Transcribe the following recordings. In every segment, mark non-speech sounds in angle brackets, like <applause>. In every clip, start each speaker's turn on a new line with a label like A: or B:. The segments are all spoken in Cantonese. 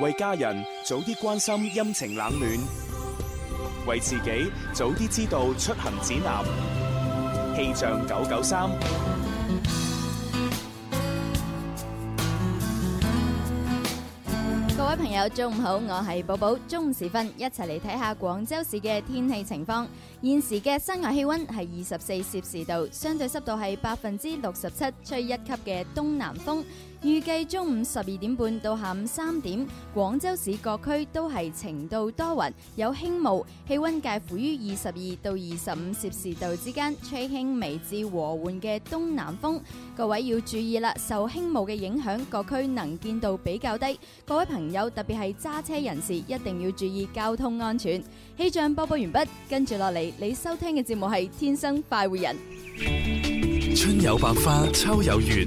A: 為家人早啲關心陰晴冷暖，為自己早啲知道出行指南。氣象九九三，
B: 各位朋友，中午好，我係寶寶。中午時分，一齊嚟睇下廣州市嘅天氣情況。現時嘅室外氣溫係二十四攝氏度，相對濕度係百分之六十七，吹一級嘅東南風。預計中午十二點半到下午三點，廣州市各區都係晴到多雲，有輕霧，氣溫介乎於二十二到二十五攝氏度之間，吹輕微至和緩嘅東南風。各位要注意啦，受輕霧嘅影響，各區能見度比較低，各位朋友特別係揸車人士一定要注意交通安全。氣象播報完畢，跟住落嚟你收聽嘅節目係《天生快活人》，
C: 春有百花，秋有月。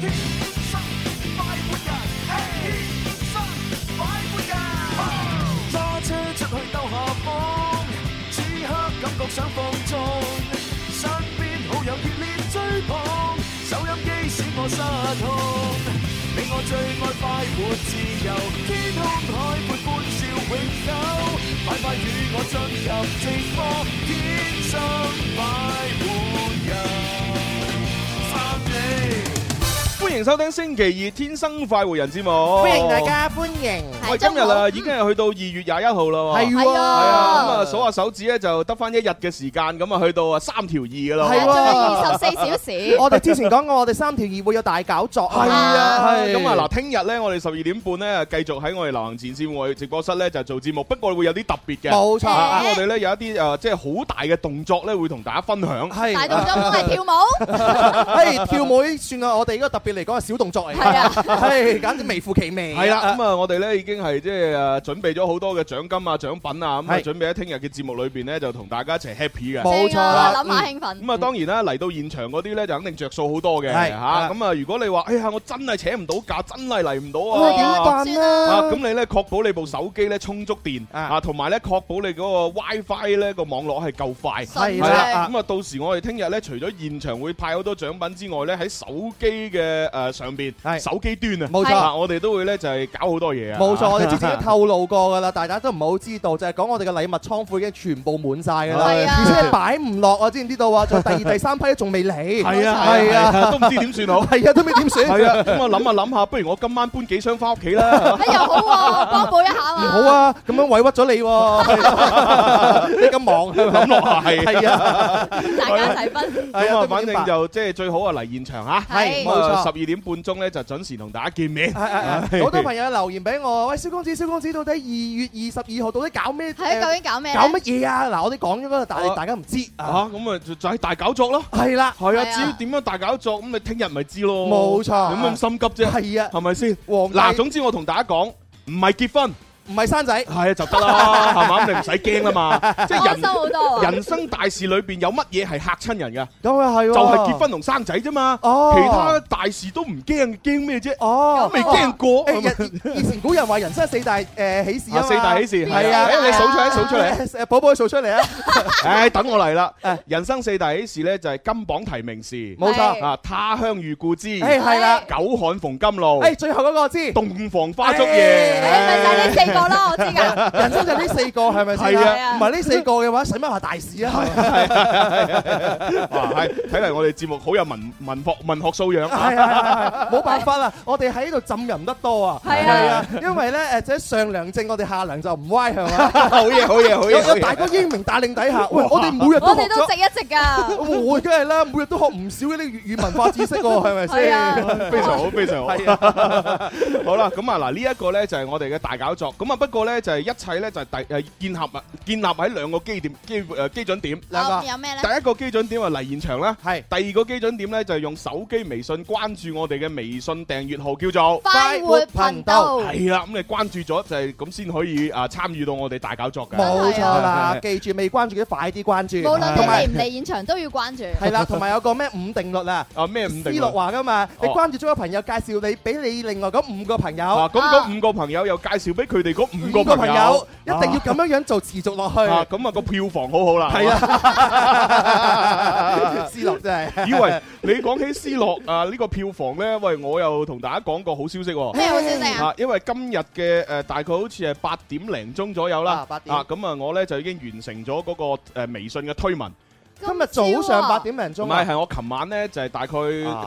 D: 天生快活人，Hey! 天生快活人。揸車出去兜下風，此刻感覺想放縱。身邊好友熱烈追捧，手音機使我失控。你我最愛快活自由，天空海闊歡笑永久。快快與我進入靜波，天生快活人，讚你。
A: 歡迎收聽星期二天生快活人節目，歡迎大家
E: 歡迎。
F: 今日啊，
A: 已經係去到二月廿一號啦，係喎。咁啊數下手指咧，就得翻一日嘅時間，咁啊去到啊三條二噶咯，係仲有二十四小時。
E: 我哋之前講過，我哋三條二會有大搞作，係啊，咁啊嗱，
A: 聽日咧，我哋十二點半咧，繼續喺我哋流行前線戶外直播室咧，就做節目。不過會有啲特別嘅，冇錯。咁我哋咧有一啲誒，即係好大嘅動作咧，會同大家分享。大動
B: 作係跳舞，係
E: 跳舞算啦。我哋呢個特別嚟，個小動作嚟，係啊，
A: 簡直微乎其微。係啦，咁啊，我哋咧已經係即係準備咗好多嘅獎金啊、獎品啊，咁啊，準備喺聽日嘅節目裏邊咧，就同大家一齊 happy 嘅。冇錯啦，諗下興奮。咁啊，當然啦，嚟到現場嗰啲咧就肯定着數好多嘅。係吓，咁啊，如果你話，哎呀，我真係請唔到假，真係嚟唔到啊，點辦啊？咁你咧確保你部手機咧充足電啊，同埋咧確保你嗰個 WiFi 咧個網絡係夠快。係啦，咁啊，到時我哋聽日咧除咗現場會派好多獎品之外咧，喺手機嘅。誒，上邊係手機端啊，冇錯，我哋都會咧就係搞好多嘢啊，冇錯，我哋之前都
E: 透露過噶啦，大家都唔好知道，就係講我哋嘅禮物倉庫已經全部滿晒噶啦，係啊，而且擺唔落啊，知唔知道啊？仲第二、第三批都仲未嚟，係啊係啊，都唔知點算好，係啊都未點算，係啊，咁我諗下諗下，不如我今
A: 晚搬幾箱返屋
E: 企啦，啊又好，幫補一下嘛，好啊，咁樣委屈咗你，你咁忙咁耐係啊，大家一齊
F: 分，咁啊，反正就
A: 即係最好啊嚟現場吓，係冇錯十。二點半鐘咧就準時同大家見面。好多朋
E: 友留言俾我，喂，蕭公子，蕭公子到底二月二十二號到底搞咩？係啊，究竟搞咩？搞乜嘢啊？嗱，我哋講咗啦，但係大家
A: 唔知。嚇，咁咪就係大搞作咯。係啦，係啊。至於點樣大搞作，咁你聽日咪知咯。冇錯。咁樣心急啫。係啊。係咪先？嗱，總之我同大家講，唔係結婚。唔係生仔，係啊，就得啦，係嘛？咁你唔使驚啊嘛，即係人生好多。人生大事裏邊有乜嘢係嚇親人噶？有啊，係啊，就係結婚同生仔啫嘛。其他大事都唔驚，驚咩啫？都未驚過。以
E: 前古人話人生四大誒喜事啊，四大喜事係啊，你數出嚟，數出嚟，寶寶數出嚟
A: 啊！誒，等我嚟啦。人生四大喜事咧，就係金榜題名時，冇錯啊！他鄉遇故知，係啦，久旱逢甘露。誒，
E: 最後嗰個知洞
A: 房花燭夜。個
E: 咯，我知噶，人生就呢四個，
A: 係咪先？係啊，唔係
E: 呢四個嘅話，使乜話大事啊？係
A: 係係，哇！係睇嚟我哋節目好有文文學文學素養，係係
E: 係，冇辦法啊！我哋喺呢度浸淫得多啊，係啊，因為咧誒，即係上梁正，我哋下梁就唔歪，係嘛？好嘢好嘢好嘢！有有大家英明帶領底下，我哋每日都我哋都值一值㗎，我梗係啦，每日都學唔少嘅啲粵語文化知識喎，係咪先？係啊，非常好非常好。係啊，好啦，咁啊
A: 嗱，呢一個咧就係我哋嘅大搞作咁。咁啊，不過呢，就係一切呢，就係建立喺兩個基點、基基準點。有咩呢？第一個基準點，就係嚟現場啦。第二個基準點呢，就係用手機微信關注我哋嘅微信訂閱號，叫做快活頻道。係啦，咁你關注咗就係咁先可以參與到我哋大搞作嘅。冇錯啦，記
E: 住未關注嘅快啲關注。
B: 無論你嚟
E: 唔嚟現場都要關注。係啦，同埋 <laughs> 有個咩五定律啊？咩五定律？嗰五個朋友一定要咁樣樣做持續落去。啊，
A: 咁、那、啊個票房好好啦。係是啊，
E: 思諾真係。以為
A: 你講起思諾 <laughs> 啊呢、這個票房咧，喂，我又同大家講個好消息、哦。咩好消息啊？啊因為今日嘅誒大概好似係八點零鐘左右啦。八點啊，咁啊，我咧就已經完成咗嗰個微信嘅推文。
E: 今日早上八點零鐘唔係，係
A: 我琴晚咧就係、是、大概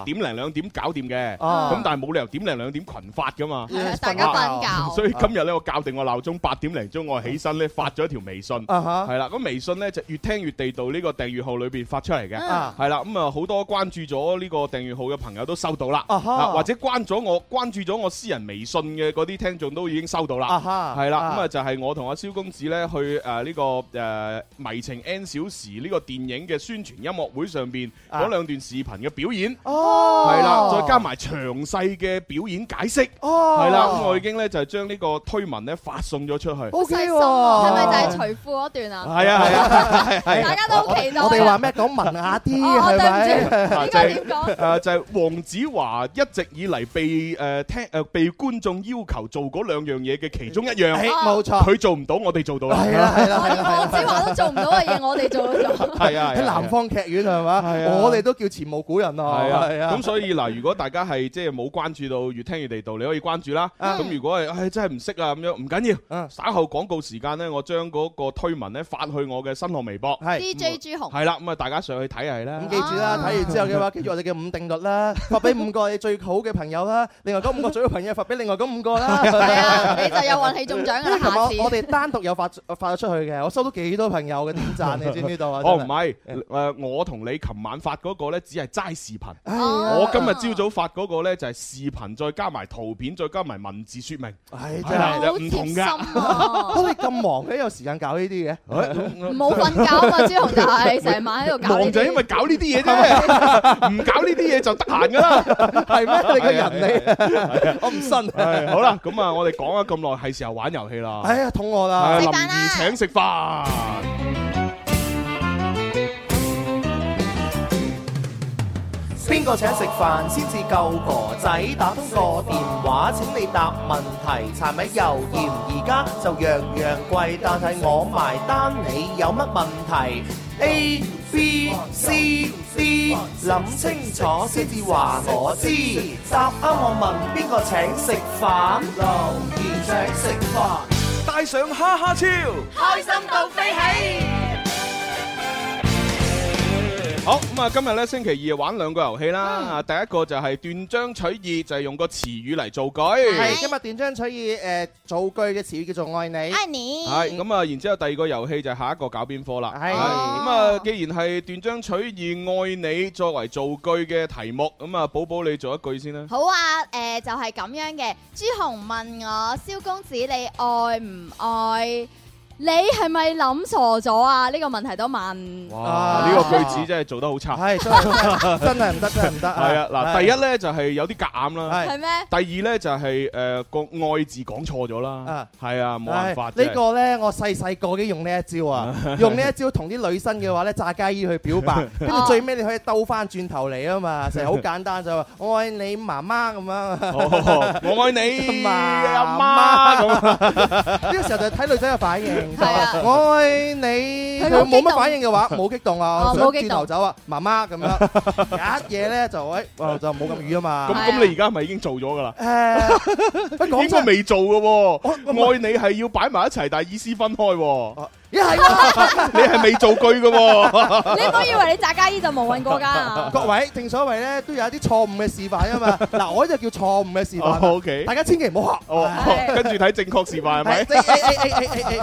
A: 點零兩點搞掂嘅，咁、啊嗯、但係冇理由點零兩點群發噶嘛，的的大家瞓覺，啊、所以今日咧，我校定個鬧鐘八點零鐘我起身咧發咗一條微信，係啦、啊哈，咁微信咧就越聽越地道呢、這個訂閱號裏邊發出嚟嘅，係啦、啊，咁啊好多關注咗呢個訂閱號嘅朋友都收到啦、啊哈啊，或者關咗我關注咗我私人微信嘅啲聽眾都已經收到啦，
F: 係啦，咁
A: 啊、嗯、就係、是、我同阿蕭公子咧去誒呢、啊這個誒、啊、迷情 N 小時呢個電影，嘅宣傳音樂會上邊嗰兩段視頻嘅表演，係啦，再加埋詳細嘅表演解釋，係啦。咁我已經咧就將呢個推文咧發送咗出去。O K，係咪就係除
B: 褲嗰段啊？係啊係啊係，大
E: 家
A: 都好期
B: 待。我哋話咩
E: 講文雅啲啊？係咪？
A: 就係黃子華一直以嚟被誒聽誒被觀眾要求做嗰兩樣嘢嘅其中一樣，冇錯。佢做唔到，我哋做到啦。係啦係啦，黃子華都
B: 做唔到嘅嘢，我哋做到咗。
E: 係啊。喺南方劇院係嘛？我哋都叫前無古人
D: 啊！係啊！咁所
A: 以嗱，如果大家係即係冇關注到越聽越地道，你可以關注啦。咁如果係唉真係唔識啊咁樣，唔緊要。稍後廣告時間咧，我將嗰個推文咧發
E: 去我嘅新浪微博。
A: DJ 朱
F: 紅係
E: 啦，咁啊大家上去睇係啦。
F: 咁記住啦，睇完之後嘅話，
E: 跟住我哋嘅五定律啦，發俾五個你最好嘅朋友啦。另外嗰五個最好朋友發俾另外嗰五個啦。你就有
B: 運氣中獎啦！下次我哋
E: 單獨有發發咗出去嘅，我收到幾多
A: 朋友嘅點贊，你知唔知道啊？我，唔係。誒，我同你琴晚發嗰個咧，只係齋視頻。我今日朝早發嗰個咧，就係視頻再加埋圖片，再加埋文字說
E: 明。係真係唔同噶。你咁忙，你有時間搞呢啲嘢？冇瞓
B: 覺啊，朱紅就係成晚喺度搞呢啲。就因為搞呢啲嘢啫，唔
E: 搞呢啲嘢就得閒噶啦，係咩？你個人嚟，我唔信。好啦，
A: 咁啊，我哋講咗咁耐，係時候玩遊戲啦。哎呀，
E: 肚餓啦！林
A: 怡請食飯。
E: 邊個請食飯先至夠個仔？打通個電話請你答問題。柴米油鹽而家就樣樣貴，但係我埋單。你有乜問題？A B C D，諗清楚先至話我知。答啱我問，邊個請食飯？留言請食飯，帶上哈哈超，開心到飛起。
A: 好咁啊！今日咧，星期二玩兩個遊戲啦，啊，第一個就係斷章取義，就係用個詞語嚟造句。係今
E: 日斷章取義誒，造句嘅詞語叫做愛你。愛你。
A: 係咁啊，然之後第二個遊戲就係下一個搞邊科啦。係咁啊，既然係斷章取義愛你作為造句嘅題目，咁啊，寶寶你做一句先啦。
B: 好啊，誒就係咁樣嘅，朱紅問我蕭公子你愛唔愛？你係咪諗錯咗啊？呢個問題都問
A: 哇！呢個句子真係做得好差，係真係唔得，真係唔得。係啊，嗱，第一咧就係有啲夾硬啦，係咩？第二咧就係誒個愛字講錯咗啦，啊，係啊，冇辦法。呢個
E: 咧我細細個已經用呢一招啊，用呢一招同啲女生嘅話咧炸雞耳去表白，跟住最尾你可以兜翻轉頭嚟啊嘛，成日好簡單就話我愛你媽媽咁樣，我愛你阿媽咁。呢個時候就睇女仔嘅反應。係啊，我愛你。佢冇乜反應嘅話，冇激動啊，轉頭走啊，媽媽咁樣。一嘢咧就誒，就冇咁遠啊嘛。咁咁，你而家係咪已經做咗噶啦？誒，應該
A: 未做噶。愛你係要擺埋一齊，但係意思分開。
B: 你
E: 係未做句嘅，你唔好
B: 以為你翟家衣就冇運過㗎。各
E: 位，正所謂咧都有一啲錯誤嘅示範啊嘛，嗱，我就叫錯誤嘅示範。O K，大家千祈唔好學，
A: 跟住睇正確示範係咪？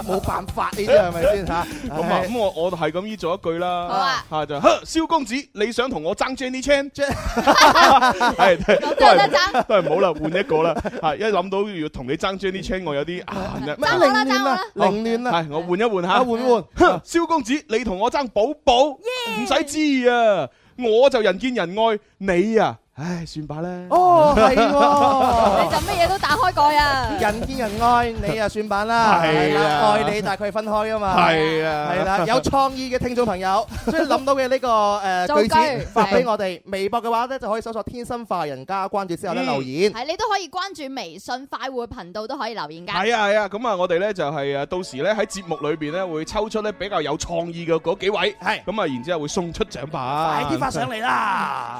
A: 冇
E: 辦法呢啲係咪先嚇？咁
A: 啊，咁我我係咁依做一句啦。好就呵，蕭公子，你想同我爭 Jenny Chan？係，都係都係冇啦，換一個啦。係，一諗到要同你爭 Jenny Chan，我有啲啊，爭啦
D: 爭啦，凌
A: 亂啦，係，我換一換嚇。換換？哼，蕭 <laughs> 公子，你同我爭寶寶，唔使 Yeah. 知啊！我就人見人愛，你啊！唉，算吧啦。哦，係
F: 喎，你就乜
B: 嘢都打開過啊！
E: 人見人愛，你啊算吧啦！係啊，愛你大概分開啊嘛！係啊，係啦，有創意嘅聽眾朋友，所以諗到嘅呢個誒句子發俾我哋。微博嘅話咧，就可以搜索天生快活人加關注之後咧
B: 留言。係，你都可以關注微信快活頻道都可以留言噶。係啊係
A: 啊，咁啊我哋咧就係誒到時咧喺節目裏邊咧會抽出咧比較有創意嘅嗰幾位，係咁啊然之後會送出獎品。快啲發上嚟啦！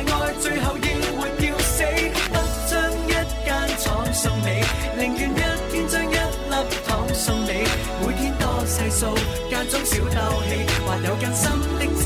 G: 寧願一天將一粒糖送你，每天多細數，間中小鬥氣，還有更深的。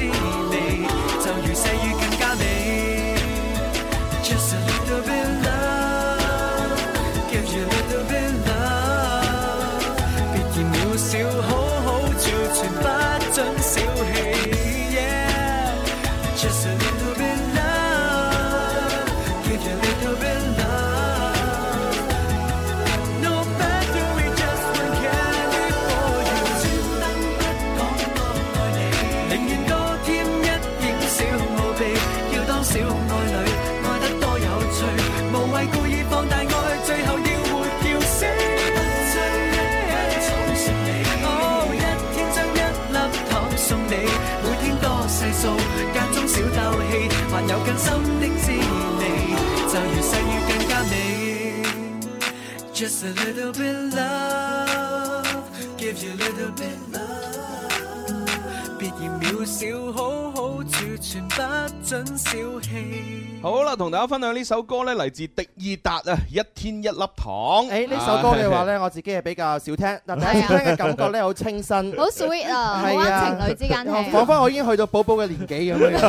A: 同大家分享呢首歌咧，嚟自迪爾達啊，《一天一粒糖》。誒，呢首歌嘅話
E: 咧，我自己係比較少聽，但第一聽嘅感覺咧好清
B: 新，好 sweet 啊，好啊，情侶之間
E: 聽。翻我已經去到寶寶嘅年
A: 紀咁樣，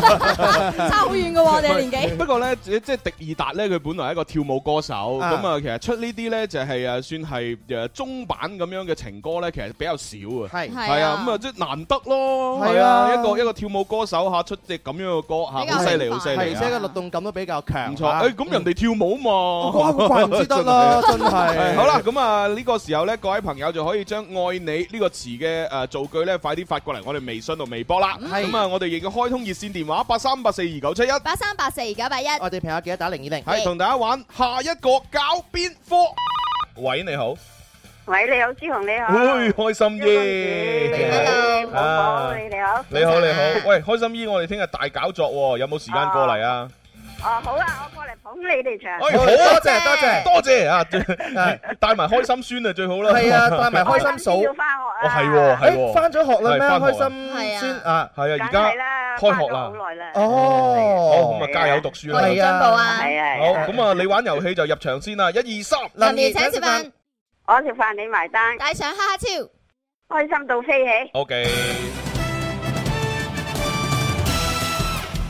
A: 差好遠噶喎，我哋年紀。不過咧，即係迪爾達咧，佢本來係一個跳舞歌手，咁啊，其實出呢啲咧就係誒，算係誒中板咁樣嘅情歌咧，其實比較少啊。係係啊，咁啊，即係難得咯。係啊，一個一個跳舞歌手吓，出隻咁樣嘅歌吓，好犀利，好犀利。而且個
E: 律動感都比較。唔錯，誒，咁人哋跳舞嘛，瓜咁怪唔知得啦，真係。好啦，
A: 咁啊呢個時候咧，各位朋友就可以將愛你呢個詞嘅誒造句咧，快啲發過嚟，我哋微信同微博啦。咁啊，我哋亦要開通熱線電話八三八四二九七一，
E: 八三八四二九八一。我哋朋友記得打零二零。係，同大家玩下一個搞
D: 邊科？
A: 喂，你好。
D: 喂，你好，
A: 朱紅，你好。誒，開心姨。Hello，你好。你好，你好。你好，你好。喂，開心姨，我哋聽日大搞作，有冇時間過嚟啊？
F: 哦，好啊，我過嚟捧你哋場，好
G: 多謝
A: 多謝多謝啊！帶埋開心酸啊，最好啦，係啊，帶埋開心嫂，要
D: 翻
F: 學啊，
A: 係喎，係喎，翻咗學啦咩？開心酸啊，係啊，而家開學啦，
D: 好
F: 耐啦，哦，咁啊，加油讀書啦，進步啊，係啊，
A: 好，咁啊，你玩遊戲就入場先啦，一二
B: 三，林爺請食飯，我食飯你埋單，帶上哈哈超，開心到
A: 飛起，OK。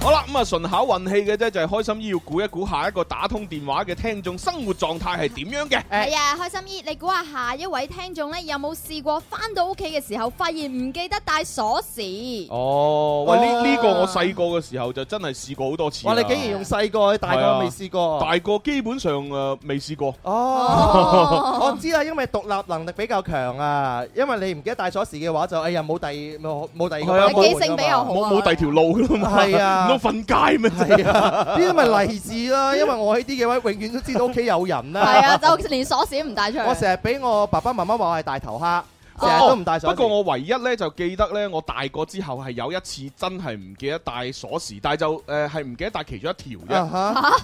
A: 好啦，咁啊，純考運氣嘅啫，就係開心姨要估一估下一個打通電話嘅聽眾生活狀態係點樣嘅。係啊，
B: 開心姨，你估下下一位聽眾咧，有冇試過翻到屋企嘅時候，發現唔記得帶鎖匙？
A: 哦，喂，呢呢個我細個嘅時候就真係試過好多次。哇，你竟然用細個，大個未試過？大個基本上誒未試過。哦，
E: 我知啦，因為獨立能力比較強啊，因為你唔記得帶鎖匙嘅話，就哎呀冇第二冇第二個，記性比較好，冇冇第二條路噶係啊。瞓街咩啫？呢啲咪勵志啦！因為我喺呢幾位永遠都知道屋企有人啦。
B: 係啊，就連鎖匙都唔帶出嚟。我成日俾
E: 我爸爸媽媽話我係大頭蝦。
B: 都唔帶鎖匙。不過
E: 我
A: 唯一咧就記得咧，我大個之後係有一次真係唔記得帶鎖匙，但係就誒係唔記得帶其中一條嘅。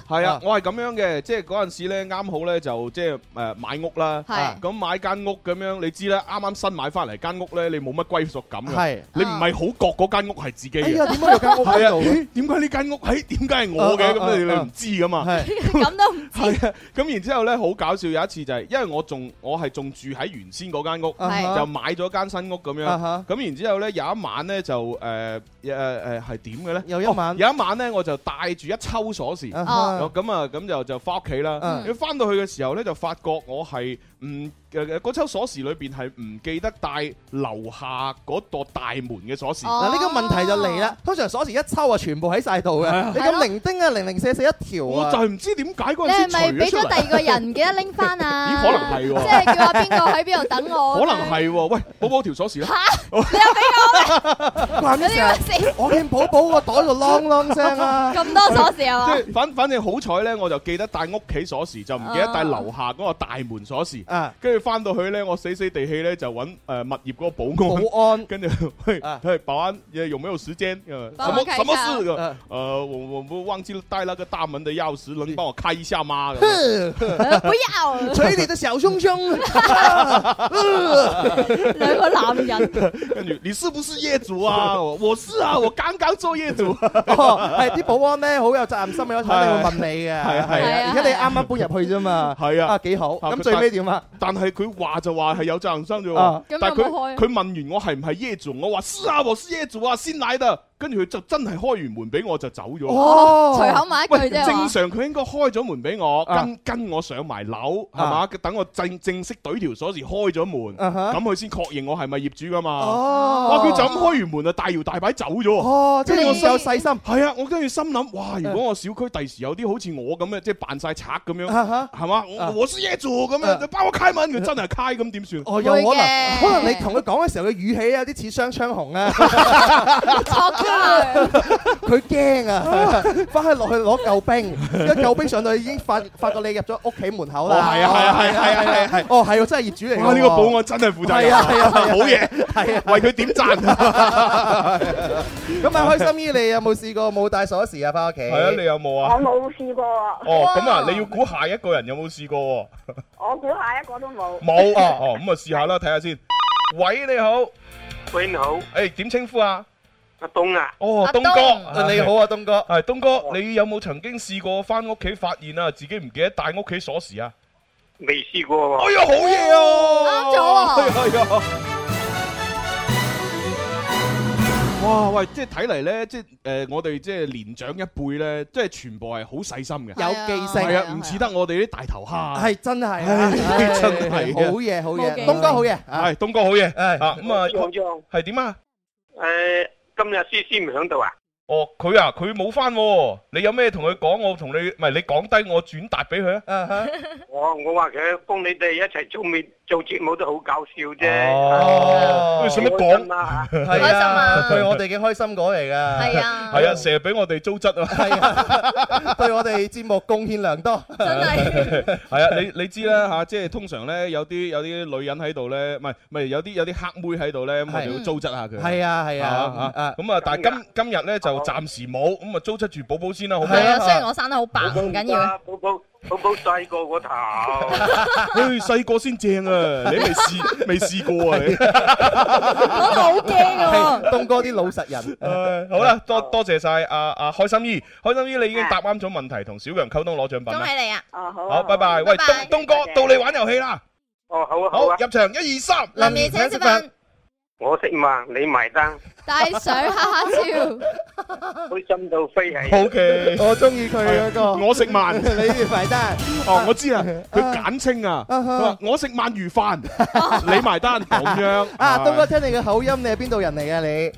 A: 係啊，我係咁樣嘅，即係嗰陣時咧啱好咧就即係誒買屋啦。係，咁買間屋咁樣，你知咧啱啱新買翻嚟間屋咧，你冇乜歸屬感嘅。你唔係好覺嗰間屋係自己嘅。哎呀，點解有間屋喺度？點解呢間屋喺？點解係我嘅？咁你你唔知噶嘛？係，咁都唔係啊，咁然之後咧好搞笑有一次就係，因為我仲我係仲住喺原先嗰間屋。就買咗間新屋咁樣，咁、uh huh. 然之後咧，有一晚呢，就誒誒誒係點嘅呢？一 oh, 有一晚，有一晚咧，我就帶住一抽鎖匙，咁啊、uh，咁、huh. 就就翻屋企啦。要翻、uh huh. 到去嘅時候呢，就發覺我係唔～嗰抽鎖匙裏邊係唔記得帶樓下嗰度大門嘅鎖匙。嗱呢個問題就嚟啦。
E: 通常鎖匙一抽啊，全部喺晒度嘅。你咁零丁啊，零零四四一條，
A: 就係唔
G: 知
E: 點解嗰
A: 陣先。係咪俾咗第二個
B: 人唔記得拎翻啊？咦？可能係，即係叫話邊個喺邊度等我？可能
A: 係。喂，寶寶條鎖匙咧？吓，你又俾我咧？
B: 關咗呢個事。我見
A: 寶寶個袋度啷啷聲啊！咁多鎖匙啊！即係反反正好彩咧，我就記得帶屋企鎖匙，就唔記得帶樓下嗰個大門鎖匙。啊，跟住。翻到去咧，我死死地氣咧就揾，誒物業嗰個保安，保安跟住去去保安，而家有冇時間？什麼什麼事？誒，我我忘記帶那個大門的鑰匙，能你幫我開一下嗎？不
E: 要，捶，你的小胸胸，
A: 兩
E: 個男人，你你是不是業主啊？我是啊，我剛剛做業主。係啲保安咧好有責任心嘅，肯定會問你嘅。系系，而家你啱啱搬入去啫嘛。係啊，啊幾好。咁最尾點啊？但係。佢話就話係有責任心啫喎，啊、但係佢佢問完我
A: 係唔係椰棗，我話係啊，我係椰棗啊。先奶的。跟住佢就真係開完門俾我就走咗。哦，隨口買一句啫。正常佢應該開咗門俾我，跟跟我上埋樓，係嘛？等我正正式懟條鎖匙開咗門，咁佢先確認我係咪業主噶嘛？哦，哇！佢就咁開完門啊，大搖大擺走咗。哦，即係我有細心。係啊，我跟住心諗，哇！如果我小區第時有啲好似我咁樣，即係扮晒賊咁樣，係嘛？我師爺做咁樣，
E: 包我開門，佢真係開咁點算？哦，有可能，可能你同佢講嘅時候嘅語氣有啲似雙槍紅啊。佢驚啊！返去落去攞救兵。一救兵上到已經發發覺你入咗屋企門口啦！係啊係啊係啊係啊係啊係！哦係哦，真係業主嚟嘅。呢個保安真係負責，係啊係啊，好嘢，係
A: 啊為佢點讚啊！
E: 咁啊開心于你有冇試過冇帶鎖匙啊，返屋企係啊？你有冇啊？我
A: 冇試
B: 過啊。哦，咁啊，你要估
A: 下一個人有冇試過？我
B: 估下一個都冇。冇
A: 啊哦，咁啊試下啦，睇下先。喂，你好，喂，你好，誒點稱呼啊？阿東啊！哦，東哥，你好啊，東哥。係東哥，你有冇曾經試過翻屋企發現啊自己唔記得帶屋企鎖匙啊？未試過喎。哎呀，好嘢哦！啱咗啊！係啊！哇，喂，即係睇嚟咧，即係誒，我哋即係年長一輩咧，即係全部係好細心嘅，有記性係啊，唔似得我哋啲大頭蝦。係
E: 真係，係好嘢好嘢，東哥好嘢啊！係
A: 東哥好嘢，係啊咁啊，係點啊？
D: 誒。今日思思唔喺度啊！
A: 哦，佢啊，佢冇翻。你有咩同佢講？我同你，唔係你講低，我轉達俾佢啊。
D: 我我話佢幫你哋一齊做面做節目都好搞笑啫。哦，使乜講？係啊，係我哋
E: 嘅開心果嚟噶。係啊，係啊，成日俾我哋糟質啊。係啊，對我哋節目貢獻良多。真係。係
A: 啊，你你知啦吓，即係通常咧有啲有啲女人喺度咧，唔係唔係有啲有啲黑妹喺度咧，咁我哋要糟質下佢。係啊係啊。啊咁啊，但係今今日咧就。暫時冇，咁啊租出住寶寶先啦，好唔好？係啊，雖然我生
B: 得好白，唔緊要。寶寶，寶寶細個
A: 個頭，誒，細個先正啊！你未試，未試過啊？
D: 你，我好驚啊！
E: 東哥啲老實人。好啦，
A: 多多謝晒阿阿開心姨，開心姨，你已經答啱咗問題，同小楊溝通攞獎品。恭喜你
B: 啊！哦，好，好，拜拜。喂，東東哥到你玩遊戲啦！
A: 哦，好啊，好啊。好，入場一二三，林爺請出嚟。我食萬，你埋單。
B: 帶水，哈哈笑，
D: 開心到飛起。O、
A: okay, K，我中意佢嗰個。 <laughs> 我食萬， <laughs> 你埋單。 <laughs> 哦，我知啊，佢簡
E: 稱啊，佢話我食萬魚飯，
A: 你埋單咁樣。啊，東哥，
E: 聽你嘅口音，你係邊度人嚟啊？你？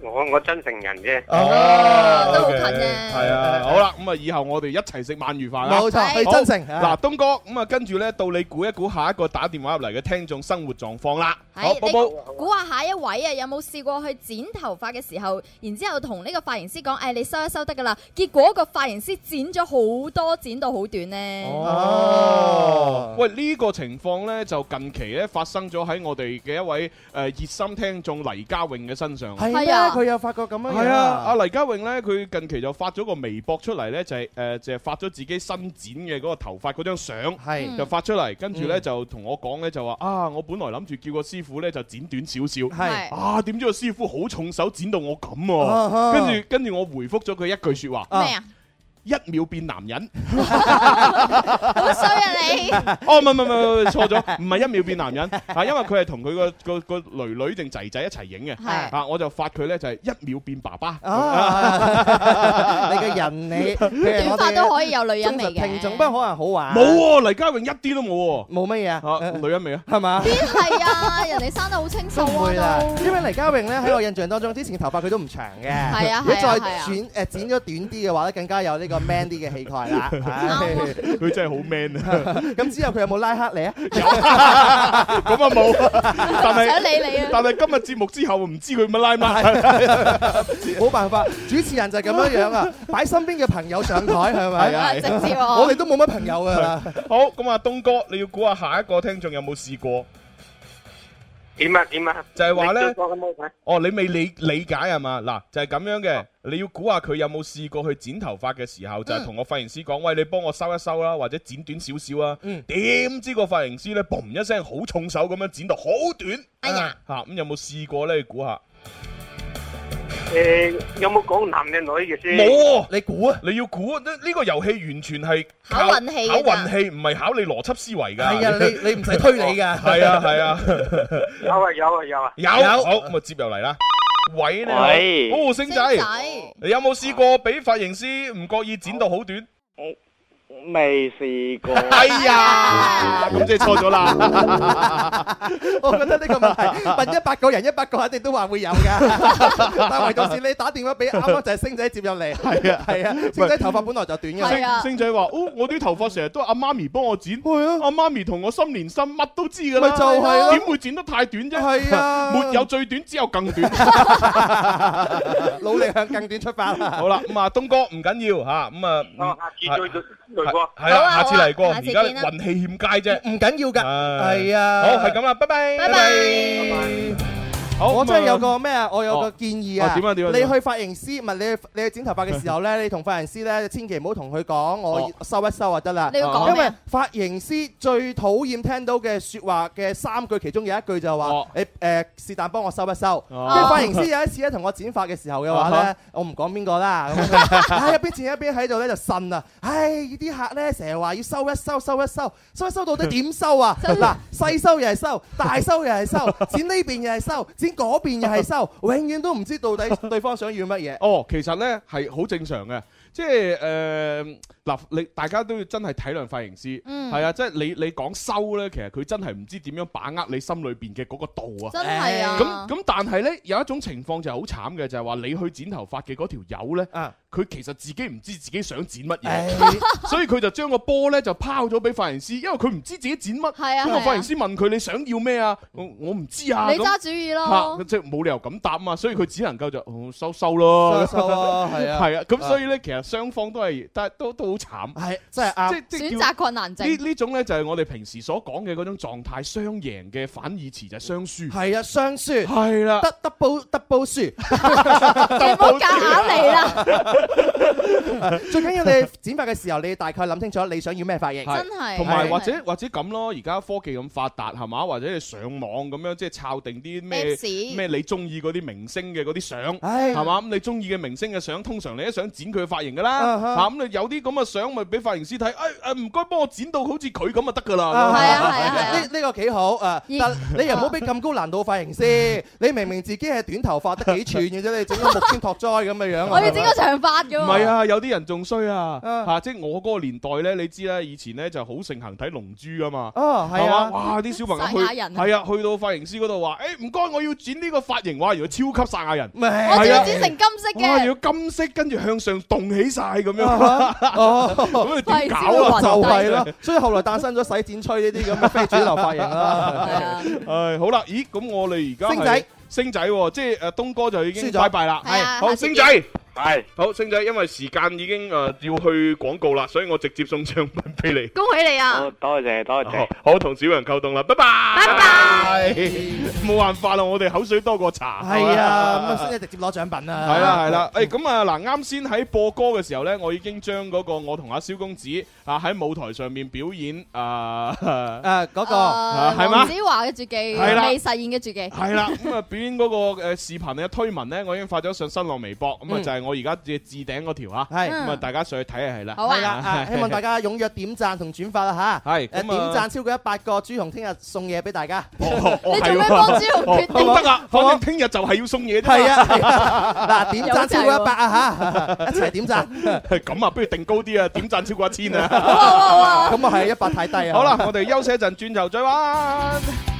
A: 我我真誠人啫，哦、oh, okay.，都好近啫。係啊，好啦，咁、嗯、啊，以後我哋一齊食鰻魚飯啦，冇錯，係真誠。嗱、啊，東哥，
E: 咁、嗯、啊，跟住咧，
A: 到你估一估下一個打電話入嚟嘅聽眾生活狀況啦。是好，寶
B: 估下下一位啊，有冇試過去剪頭髮嘅時候，然之後同呢個髮型師講，誒、哎，你收一收得噶啦，結果個髮型師剪咗好多，剪到好短呢。哦
A: ，oh. 喂，呢、這個情況咧，就近期咧發生咗喺我哋嘅一位誒熱心聽眾黎家穎嘅身上。係啊。
E: 佢又發覺咁樣樣。係啊，
A: 阿黎家穎咧，佢近期就發咗個微博出嚟咧，就係、是、誒、呃，就係、是、發咗自己新剪嘅嗰個頭髮嗰張相，係是就發出嚟，跟住咧、嗯、就同我講咧，就話啊，我本來諗住叫個師傅咧就剪短少少，係是啊，點知個師傅好重手剪到我咁喎，啊啊啊，跟住跟住我回覆咗佢一句説話。啊一秒變男人，好衰啊你！哦，唔係，唔唔唔，錯咗，唔係一秒變男人啊，因為佢係同佢個個個囡囡定仔仔一齊影嘅，係啊，我就發佢咧就係一秒變爸爸，
F: 你嘅
A: 人你
E: 短髮都可以有女人味嘅，平平不可能好玩，冇
A: 喎黎家泳一啲都
E: 冇喎，冇乜嘢啊，女人味啊，係嘛？
B: 邊係啊？人哋生得好清秀啊都，
E: 因為黎家泳咧喺我印象當中之前嘅頭髮佢都唔長嘅，係啊係啊，如果再剪誒剪咗短啲嘅話咧，更加有呢個。man 啲嘅氣概啦，
A: 佢真係好 man 啊！
E: 咁之後佢有冇拉黑你啊？有！咁啊冇，但係想理你啊！但係今日節目之後唔知佢咪拉埋，冇辦法。主持人就係咁樣樣啊，擺身邊嘅朋友上台係咪啊？我哋都冇乜朋友㗎啦。好，咁啊，東哥
A: 你要估下下一個聽眾有冇試過？點啊點啊！就係話呢，哦，你未理理解係嘛？嗱，就係、是、咁樣嘅，啊、你要估下佢有冇試過去剪頭髮嘅時候，就係、是、同個髮型師講，喂，你幫我修一修啦，或者剪短少少啊？嗯，點知個髮型師呢，嘣一聲好重手咁樣剪到好短，哎呀，吓咁、啊嗯、有冇試過呢？你估下。
D: 誒，有冇講男定女嘅先？
A: 冇，你估啊！你要估，呢呢個遊戲完全係考運氣，考運氣唔係考你邏輯思維噶。係啊，你
D: 你唔使推理噶。
A: 係啊，係啊，有
D: 啊有啊有啊有。好，
A: 咁啊接又嚟啦。喂喂，哦，星仔，你有冇試過俾髮型師唔覺意剪到好短？未試過，哎
E: 呀，咁即係錯咗啦！我覺得呢個問題問一百個人，一百個肯定都話會有噶。但係唯獨是你打電話俾啱啱就係星仔接入嚟，係啊係啊。星仔頭髮本
A: 來就短嘅，星仔話：哦，我啲頭髮成日都阿媽咪幫我剪，阿媽咪同我心連心，乜都知噶啦，咪就係咯，點會剪得太短啫？係啊，沒有最短，只有更短，努力向更短出發。好啦，咁啊，東哥唔緊要吓，咁啊。嚟過，係啊，下次嚟過，而家運氣欠佳啫，
E: 唔緊要噶，係啊，好啊，係咁啦，拜拜，拜拜。拜拜拜拜。我真係有個咩啊？我有個建議啊！你去髮型師，唔係你去你去剪頭髮嘅時候咧，你同髮型師咧，千祈唔好同佢講我收一收啊得啦。你講咩？因為髮型師最討厭聽到嘅説話嘅三句其中有一句就係話：你誒是但幫我收一收。跟住髮型師有一次咧同我剪髮嘅時候嘅話咧，我唔講邊個啦。咁啊一邊剪一邊喺度咧就呻啊！唉，呢啲客咧成日話要收一收收一收，收一收到底點收啊？嗱，細收又係收，大收又係收，剪呢邊又係收。嗰邊又係收，永遠都唔知到底
A: 對方想要乜嘢。哦，其實呢係好正常嘅，即係誒嗱，你、呃、大家都要真係體諒髮型師，係、嗯、啊，即、就、係、是、你你講收呢，其實佢真係唔知點樣把握你心裏邊嘅嗰個度啊。真係啊。咁咁，但係呢，有一種情況就係好慘嘅，就係、是、話你去剪頭髮嘅嗰條友呢。啊。佢其實自己唔知自己想剪乜嘢，所以佢就將個波咧就拋咗俾髮型師，因為佢唔知自
B: 己剪乜。係啊。咁個髮型師
A: 問佢你想要咩啊？我我唔知啊。你揸主意咯。即係冇理由咁答嘛，所以佢只能夠就收收咯。收啊，係啊。咁所以咧，其實雙方都係，但係都都好慘。係，即係啊。選擇
B: 困難症。呢
A: 呢種咧就係我哋平時所講嘅嗰種狀態，雙贏嘅反義詞就係雙輸。係啊，雙輸。係啦。
E: double double 輸。好夾硬嚟啦。最緊要你剪髮嘅時候，你大概諗清楚你想要咩髮型。真係，同埋或者或者咁
A: 咯，而家科技咁發達係嘛，或者你上網咁樣即係抄定啲咩咩你中意嗰啲明星嘅嗰啲相，係嘛，咁你中意嘅明星嘅相，通常你都想剪佢嘅髮型噶啦。咁你有啲咁嘅相，咪俾髮型師睇，唔該幫我剪到好似佢咁就得噶啦。
E: 呢呢個幾好。誒，但你又唔好俾咁高難度髮型師。你明明自己係短頭髮，得幾寸，而且你整到木村拓哉咁嘅樣，
B: 我要剪個長髮。唔係啊，
E: 有
A: 啲人仲衰啊，吓，即係我嗰個年代咧，你知啦，以前咧就好盛行睇龍珠啊嘛，
H: 係嘛？哇，啲小朋友去係
A: 啊，去到髮型師嗰度話，誒，唔該，我要剪呢個髮型，哇，如果超級撒亞人，我仲要剪成金色嘅，要金色跟住向上動起晒咁樣，咁你點搞啊？就係啦，所以後來誕生咗洗剪吹呢
E: 啲咁嘅非主流髮型啦。
A: 係好啦，咦，咁我哋而家星仔，星仔，即係誒，東哥就已經拜拜啦，係好星仔。係好，星仔，因為時間已經誒、呃、要去廣告啦，所以我直接送獎品俾你。恭喜你啊！多謝、哦、多謝，多謝好同小楊溝通啦，拜拜。拜拜。冇、哎、辦法啦，我哋口水多過茶。係啊，咁啊，星仔、嗯、直接攞獎品啦。係啦，係啦，誒咁啊嗱，啱先喺播歌嘅時候咧，我已經將嗰個我同阿蕭公子啊喺舞台上面表演啊誒嗰個係嘛、呃、子
B: 華嘅絕技，係啦未實現嘅絕技，係啦
A: 咁啊，啊、嗯嗯、表演嗰個誒視頻咧，推文咧我已經發咗上新浪微博，咁啊就係我而家嘅置頂嗰條啊，咁啊大家上去睇下係啦，好啊，希望大家
E: 踴躍點讚同轉發啦吓，係，誒點讚超過一百個，朱紅聽日送嘢俾大家，你做咩幫朱紅決定？唔得啊，反正聽日就係要送嘢，係啊，嗱點讚超過一百啊吓，一齊點讚，
A: 咁啊，不如定高啲啊，點讚超過一千啊，咁啊係一百太低啊，好啦，我哋休息一陣，轉頭再玩。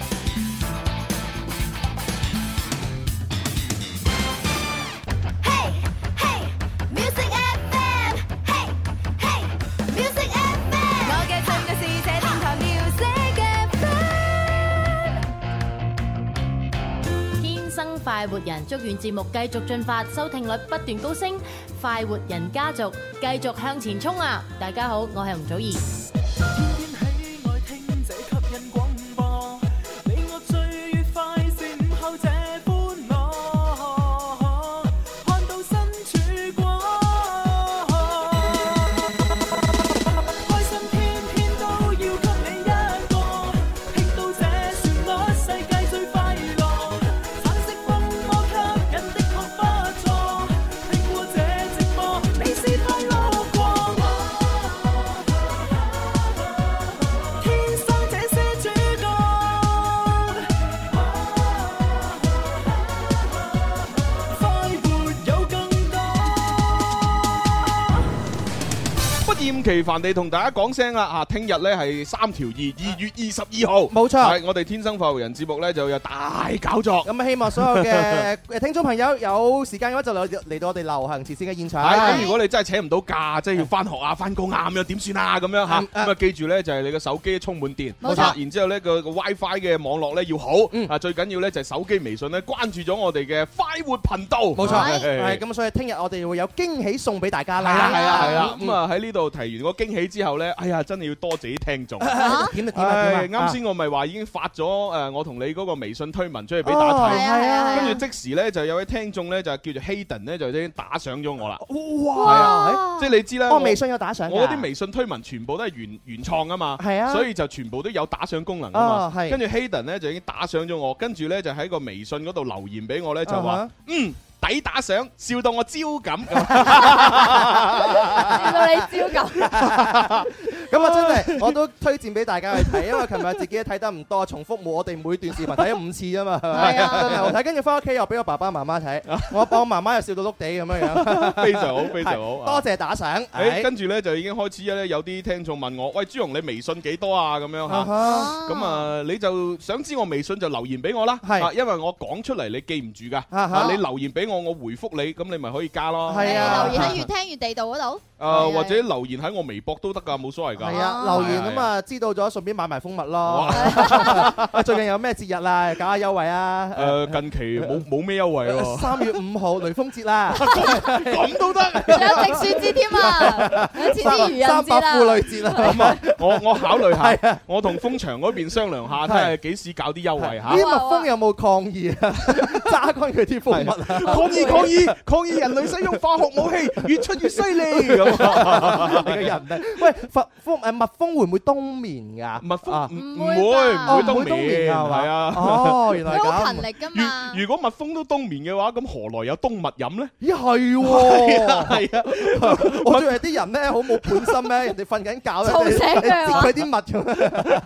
B: 生快活人，祝願節目繼續進發，收聽率不斷高升，快活人家族繼續向前衝啊！大家好，我係吳祖儀。
A: 期煩地同大家講聲啦，吓聽日咧係三條二二月二十二號，冇錯，係我哋天生快活人節目咧就有大搞
E: 作，咁啊希望所有嘅聽眾朋友有時間嘅話就嚟嚟到我哋流行前線嘅現場。咁如
A: 果你真係請唔到假，即係要翻學啊翻工啊咁樣點算啊咁樣吓？咁啊記住咧就係你嘅手機充滿電，冇錯。然之後咧個個 WiFi 嘅網絡咧要好，啊最緊要咧就係手機微信咧關注咗我哋嘅快活頻道，冇錯。係
E: 咁啊，所以聽日我哋會有驚喜送俾大家啦，係啊係啊係啊。咁
A: 啊喺呢度提。如果驚喜之後咧，哎呀，真係要多謝啲聽眾。點啊，啱先我咪話已經發咗誒，我同你嗰個微信推文出去俾大家睇，跟住即時咧就有位聽眾咧就叫做 Hayden 咧就已經打賞咗我啦。
F: 哇！即
A: 係你知啦，我微信有打賞。我啲微信推文全部都係原原創啊嘛，所以就全部都有打賞功能啊嘛。跟住 Hayden 咧就已經打賞咗我，跟住咧就喺個微信嗰度留言俾我咧就話嗯。抵打上，笑到我焦咁，笑
B: 到你焦咁。
E: 咁我真係我都推薦俾大家去睇，因為琴日自己都睇得唔多，重複冇我哋每段視頻睇咗五次啊嘛，係咪啊？係啊，睇，跟住翻屋企又俾我爸爸媽媽睇，我幫我媽媽又笑到碌地咁樣樣，非常好，非常好，多謝打賞。誒，
A: 跟住咧就已經開始咧，有啲聽眾問我，喂，朱紅你微信幾多啊？咁樣吓，咁啊你就想知我微信就留言俾我啦，係，因為我講出嚟你記唔住㗎，啊，你留言俾我，我回覆你，咁你咪可以加咯。係啊，留言喺越
B: 聽越地道嗰度，誒或
A: 者留言喺我微博都得㗎，冇所謂。係啊，留言咁啊，
E: 知道咗，順便買埋蜂蜜咯。啊，最近有咩節日啦？搞下優惠啊？
A: 誒，近期冇冇咩優惠咯？三
E: 月五號雷鋒節啦，咁都得？仲有植樹節添啊，植
A: 樹節、三八婦女節啊。咁啊，我我考慮下，我同蜂場嗰邊商量下，睇下幾時搞啲優惠吓。啲蜜
E: 蜂有冇抗議啊？揸緊佢啲蜂蜜！抗議抗議抗議！人類使用化學武器，越出越犀利咁。你個人咧，喂，佛。蜂誒蜜蜂會唔會冬眠噶？蜜蜂唔唔、啊、會唔、啊、會冬眠，眠是啊？係啊！哦，原來好勤力㗎嘛！
A: 如果蜜蜂都冬眠嘅話，咁何來有冬蜜飲咧？咦
E: 係喎，啊， <laughs> 啊！啊啊
A: <laughs> 我以
E: 為啲人咧好冇本心咧，人哋瞓緊覺咧，醒佢啲蜜
F: 咁
A: 啊！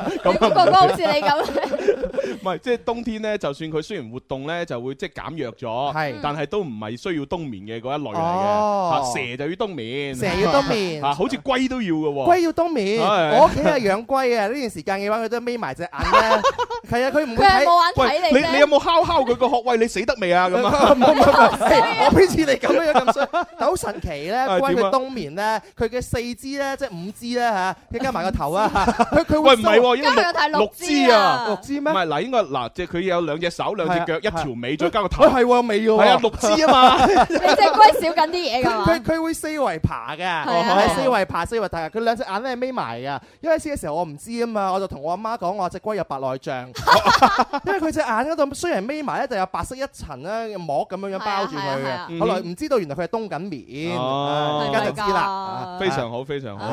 A: 哥哥 <laughs> 好似你咁。 <laughs> 唔係，即係冬天咧，就算佢雖然活動咧，就會即係減弱咗，係，但係都唔係需要冬眠嘅嗰一類嚟嘅。蛇就要冬眠，蛇要冬眠，啊，好似龜都要嘅，龜要冬眠。我屋企係
E: 養龜嘅，呢段時間嘅話，佢都眯埋隻眼嘅。係啊，佢唔會睇。
B: 佢
A: 冇眼睇你。你有
E: 冇敲敲佢個殼位？你死得未啊？咁啊，我邊似你咁樣咁衰？但好神奇咧，龜冬眠咧，佢嘅四肢咧，即係五肢咧吓，加埋個頭啊。佢喂，唔係，應該係
A: 六肢啊，六肢咩？嗱，應該嗱，即係佢有兩隻手、兩隻腳、一條尾，再加個頭。係喎，尾喎。係啊，六
B: 肢啊嘛。你隻龜笑緊啲嘢㗎嘛？佢
E: 佢會四圍爬㗎，喺四圍爬、四圍爬。佢兩隻眼咧係眯埋㗎，因為先嘅時候我唔知啊嘛，我就同我阿媽講，我話隻龜有白內障，因為佢隻眼嗰度雖然眯埋咧，就有白色一層咧，膜咁樣樣包住佢嘅。後來唔知道原來佢係冬緊眠，
D: 大家就知啦。
E: 非
A: 常好，非常好。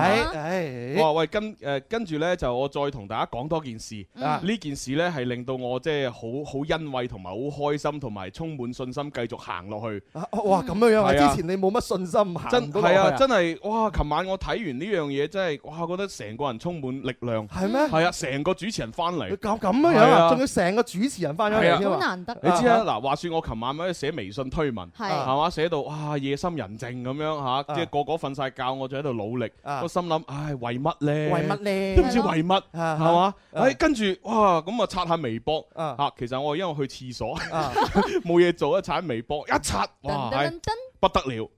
A: 哇喂，跟誒跟住咧，就我再同大家講多件事。呢件事咧係令到我即係好好欣慰同埋好開心同埋充滿信心繼續行落去。哇，咁樣樣啊！之前
E: 你冇乜信心行？係啊，真係
A: 哇！琴晚我睇完呢樣嘢，真係哇，覺得成個人充滿力量。係咩？係啊，成個主持人翻嚟，咁咁樣樣啊！仲要
E: 成個主持人翻咗嚟，好難得。你知啦，
A: 嗱，話說我琴晚喺寫微信推文，係嘛，寫到哇夜深人靜咁樣吓，即係個個瞓晒覺，我就喺度努力，我心諗唉為乜咧？為乜咧？都唔知為乜，係嘛？唉，跟住哇咁啊拆。睇微博、uh. 啊，其實我因為我去廁所，冇嘢、uh. <laughs> 做，一刷微博一刷，哇！噔噔噔噔噔不得了，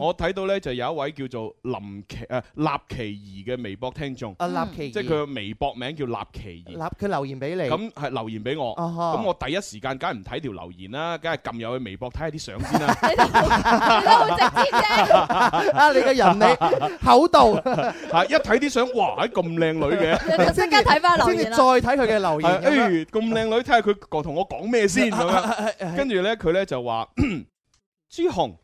A: 我睇到咧就有一位叫做林奇，誒，立奇兒嘅微博聽眾，阿立奇，即係佢嘅微博名叫立奇兒，
E: 立，佢留言俾你，咁
A: 係留言俾我，咁我第一時間梗係唔睇條留言啦，梗係撳入去微博睇下啲相先啦，係咯，係咯，好
E: 直接啫，啊，你嘅人哋
A: 口度，係一睇啲相，哇，咁靚女嘅，先至
B: 睇翻留言啦，先至再
E: 睇佢
A: 嘅留言，誒，咁靚女，睇下佢個同我講咩先咁樣，跟住咧佢咧就話朱紅。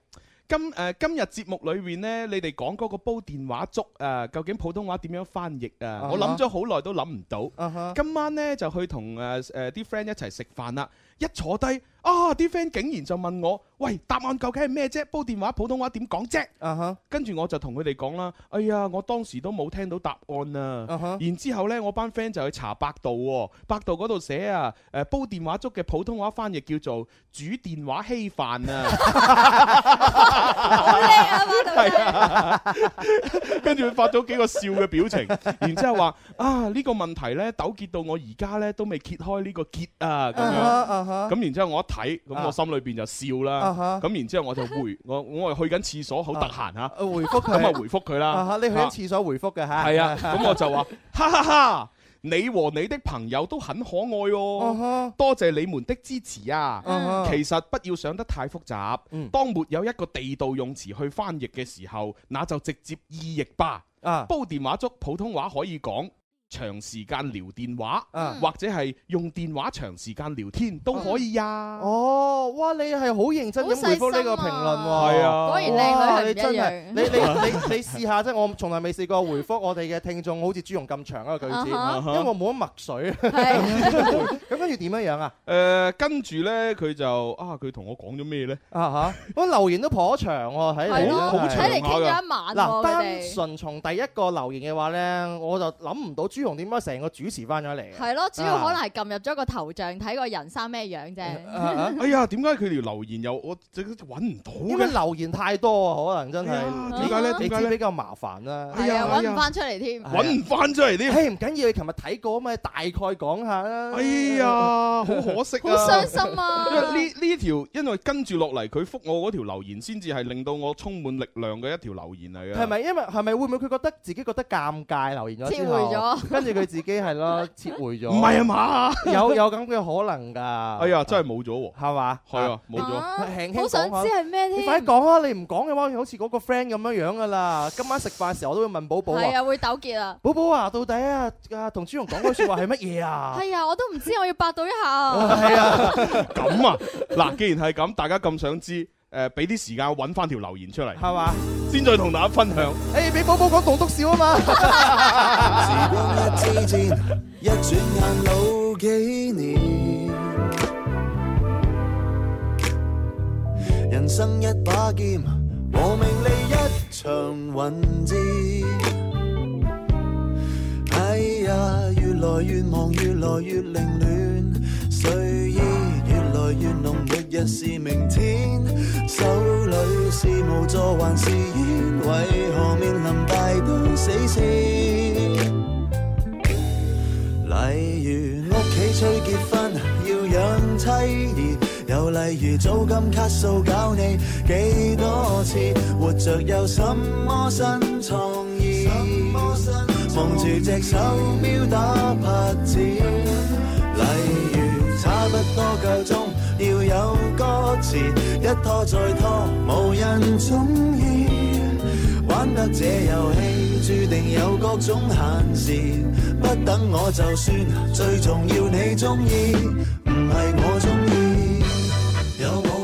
A: 今誒、呃、今日節目裏面呢，你哋講嗰個煲電話粥啊，究竟普通話點樣翻譯啊？Uh huh. 我諗咗好耐都諗唔到。Uh huh. 今晚呢，就去同誒誒啲 friend 一齊食飯啦，一坐低。啊！啲 friend 竟然就問我：喂，答案究竟係咩啫？煲電話普通話點講啫？啊哈、uh！Huh. 跟住我就同佢哋講啦。哎呀，我當時都冇聽到答案啊。啊哈、uh！Huh. 然之後咧，我班 friend 就去查百度、哦、百度度寫啊，誒、呃、煲電話粥嘅普通話翻譯叫做煮電話稀飯啊。係啊！跟住佢發咗幾個笑嘅表情，然之後話啊，呢、呢個問題咧，糾結到我而家咧都未揭開呢個結啊！咁樣啊哈！咁然之後我睇咁、嗯、我心裏邊就笑啦，咁然之後我就回我，我係去緊廁所，好得閒嚇，咁啊回覆佢啦，你去緊廁
E: 所回覆嘅嚇，係啊，咁我就話
A: 哈哈哈， <laughs> 你和你的朋友都很可愛哦，啊、多謝你們的支持啊，啊嗯、其實不要想得太複雜，嗯、當沒有一個地道用詞去翻譯嘅時候，那就直接意譯吧，啊、煲電話粥普通話可以講。長時間聊電話啊，或者係用電話長時間聊天都可以
E: 呀。哦，哇！你係好認真咁回覆呢個評論喎，係啊，果然靚女係唔一樣。你你你你試下啫，我從來未試過回覆我哋嘅聽眾好似朱融咁長一個句子，因為冇乜墨水
A: 咁跟住點樣樣啊？誒，跟住咧佢就啊，佢同我
E: 講咗咩咧？啊嚇！我留言都頗長喎，睇嚟好長下㗎。嗱，單純從第一個留言嘅話咧，我就諗唔到朱。點解成個主持翻咗嚟？係咯，主要可能
B: 係撳入咗個頭像，睇個人生咩樣啫。
E: 哎呀，點解佢條留言又我即係搵唔到？因為留言太多啊，可能真係。點解咧？點解比較麻煩啦。係啊，搵唔翻出
B: 嚟添。搵唔
E: 翻出嚟啲。誒，唔緊要，你琴日睇過吖嘛，大概講下啦。哎呀，好可惜，好
A: 傷心啊！呢
E: 呢條，因為
A: 跟住落嚟佢覆我嗰條留言，先至係令到我充滿力量嘅一條留言嚟嘅。係咪？
E: 因為係咪會唔會佢覺得自己覺得尷尬留言咗？撤回咗。跟住佢自己係咯，撤回咗。唔係啊嘛，有有咁嘅可能噶。哎呀，真係冇咗喎，係嘛？係啊，冇咗。好想知係咩添？你快講啊！你唔講嘅話，好似嗰個 friend 咁樣樣噶啦。今晚食飯時候，我都會問寶寶。係啊，
B: 會糾結啊。寶
E: 寶啊，到底
B: 啊，同朱蓉講句說話係
E: 乜嘢啊？
A: 係啊，
B: <laughs> 啊，我都唔知，我要百度一下啊。係 <laughs> 啊，
E: 咁啊，嗱、 <laughs> 啊，既然係咁，大
A: 家咁想知。誒，俾啲時間我揾翻條留言出嚟，係嘛， <music> 先再同大家分享，
E: 欸。誒，俾波波
H: 講棟篤笑啊嘛！ <laughs> <music> 日是明天，手裏是無助還是煙？為何面臨大堆死線？例如屋企催結婚，要養妻兒，又例如租金卡數搞你幾多次，活着有什麼新創意？望住隻手錶打拍子，例如差不多夠鐘。要有歌詞，一拖再拖，無人中意。玩得這遊戲，注定有各種限時。不等我就算，最重要你中意，唔係我中意。有。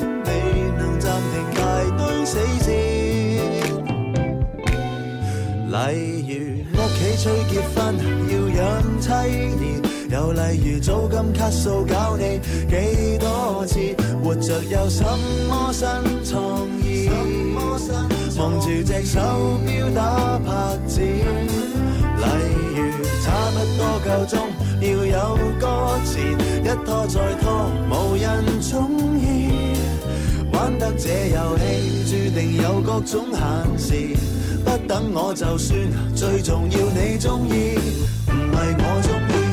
H: 例如屋企催結婚要養妻兒，又例如租金卡數搞你幾多次，活着有什麼新創意？什麼新？望住隻手表打拍子，例如差不多夠鐘，要有歌詞，一拖再拖無人充。玩得這遊戲，注定有各種限制，不等我就算，最重要你中意，唔係我中意。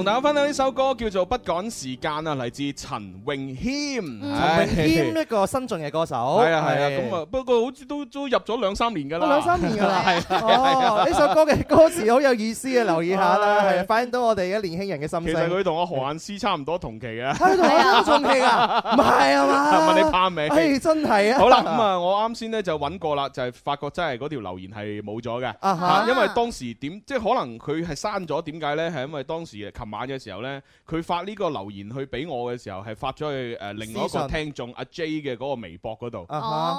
D: 同
A: 大家分享呢首歌叫做《不趕時間》啊，嚟自陳詠謙，陳詠謙
E: 一個新晉嘅歌手。係啊係啊，咁啊不過好似都都入
A: 咗兩三年㗎
E: 啦，兩三年㗎啦。係呢首歌嘅歌詞好有意思啊，留意下啦。反映到我哋嘅年輕人嘅心聲。其實佢同我何雁詩差唔多同期嘅，係同中
A: 期㗎，唔係啊嘛？問你怕未？真係啊！好啦，咁啊，我啱先咧就揾過啦，就係發覺真係嗰條留言係冇咗嘅，因為當時點即係可能佢係刪咗，點解咧？係因為當時晚嘅時候咧，佢發呢個留言去俾我嘅時候，係發咗去誒，另外一個聽眾阿 J 嘅嗰個微博嗰度。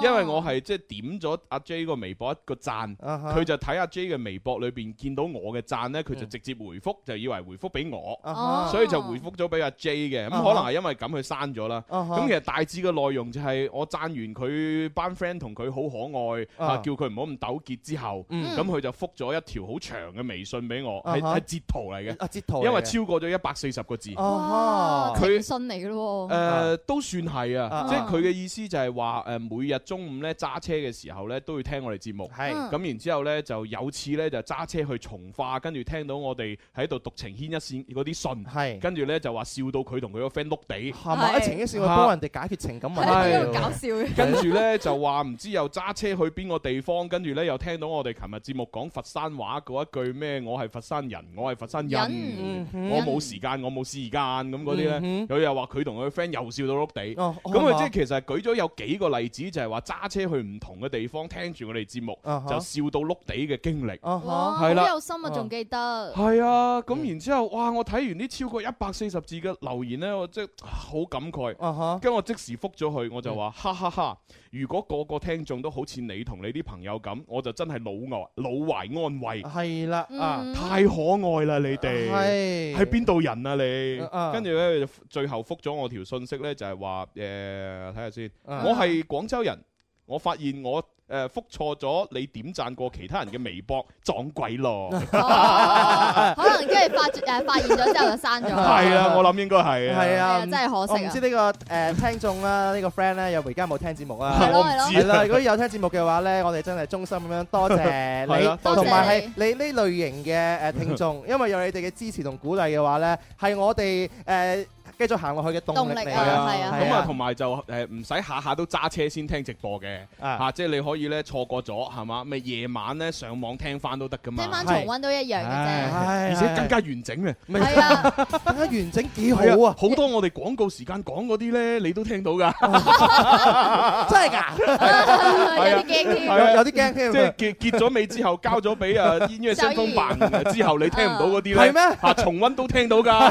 A: 因為我係即係點咗阿 J 個微博一個讚，佢就睇阿 J 嘅微博裏邊見到我嘅讚咧，佢就直接回覆就以為回覆俾我，所以就回覆咗俾阿 J 嘅。咁可能係因為咁佢刪咗啦。咁其實大致嘅內容就係我讚完佢班 friend 同佢好可愛啊，叫佢唔好咁糾結之後，咁佢就覆咗一條好長嘅微信俾我，係係截圖嚟嘅，因為超超過咗一百四十個字。哇，佢
B: 信嚟咯。誒，
A: 都算係啊，即係佢嘅意思就係話誒，每日中午咧揸車嘅時候咧，都會聽我哋節目。係。咁然之後咧，就有次咧就揸車去從化，跟住聽到我哋喺度讀情牽一線嗰啲信。係。跟住咧就話笑到佢同佢個 friend 碌地。係啊。情牽一線，係幫人哋解
E: 決情感問題。
A: 搞笑。跟住咧就話唔知又揸車去邊個地方，跟住咧又聽到我哋琴日節目講佛山話嗰一句咩？我係佛山人，我係佛山人。我冇時間，我冇時間，咁嗰啲呢，又又話佢同佢個 friend 又笑到碌地。咁佢即係其實舉咗有幾個例子，就係話揸車去唔同嘅地方，聽住我哋節目就笑到碌地嘅經歷，係啦，有心啊，仲記
B: 得係
A: 啊，咁然之後哇，我睇完啲超過一百四十字嘅留言呢，我即好感慨，跟我即時覆咗佢，我就話哈哈哈！如果個個聽眾都好似你同你啲朋友咁，我就真係老外老懷安慰，係啦啊，太可愛啦你哋。係邊度人啊你？Uh, uh, 跟住咧，最後覆咗我條信息咧，就係話誒，睇下先，我係廣州人。我發現我誒、呃、覆錯咗你點讚過其他人嘅微博撞鬼咯、 <laughs> 哦，可能
B: 因為發誒發現咗之後
E: 就刪咗。係 <laughs> 啊，我諗應該係、啊。係啊，啊，真係可惜、啊。我唔知呢、這個誒、呃、聽眾啦、啊，呢、這個 friend 咧、啊、又而家冇聽節目啊？ <laughs> 啊我唔知啦、啊。如果有聽節目嘅話咧，我哋真係衷心咁樣、 <laughs> 啊、多謝你，同埋係你呢 <laughs> 類型嘅誒聽眾，因為有你哋嘅支持同鼓勵嘅話咧，係我哋誒。呃繼續行落去嘅動
A: 力啊！咁啊，同埋就誒唔使下下都揸車先聽直播嘅嚇，即係你可以咧錯過咗係嘛？咪夜晚咧上網聽翻都得噶嘛，聽晚重溫都一樣嘅啫，而且更加完整嘅。係啊，更加完整幾好啊！好多我哋廣告時間講嗰啲咧，你都聽到
E: 㗎，
A: 真係㗎，有啲驚添，有啲驚添即係結結咗尾之後，交咗俾啊煙煙聲風辦之後，你聽唔到嗰啲咧？係咩？嚇重溫都聽到㗎，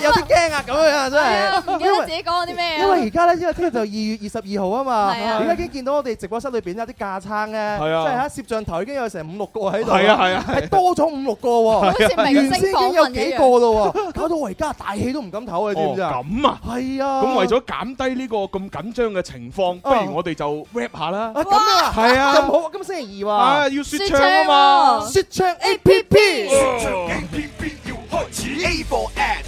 F: 有啲驚。咁樣啊，真係！因為自己講啲咩？因為而
E: 家咧，因為聽日就二月二十二號啊嘛。係啊。點解見到我哋直播室裏邊有啲架撐咧？係啊。即係喺攝像頭已經有成五六個喺度。係啊係啊。係多咗五六個喎。原先已經有幾個咯喎，搞到我而家大氣都唔敢唞啊！知唔知？咁啊，係啊。咁為咗
A: 減低呢個咁緊張嘅情況，不如我哋就 r a p 下啦。啊，係啊。咁好，
E: 今星期二喎。要説唱啊嘛。説
D: 唱 A P P。説唱 A P P 要
E: 開始。A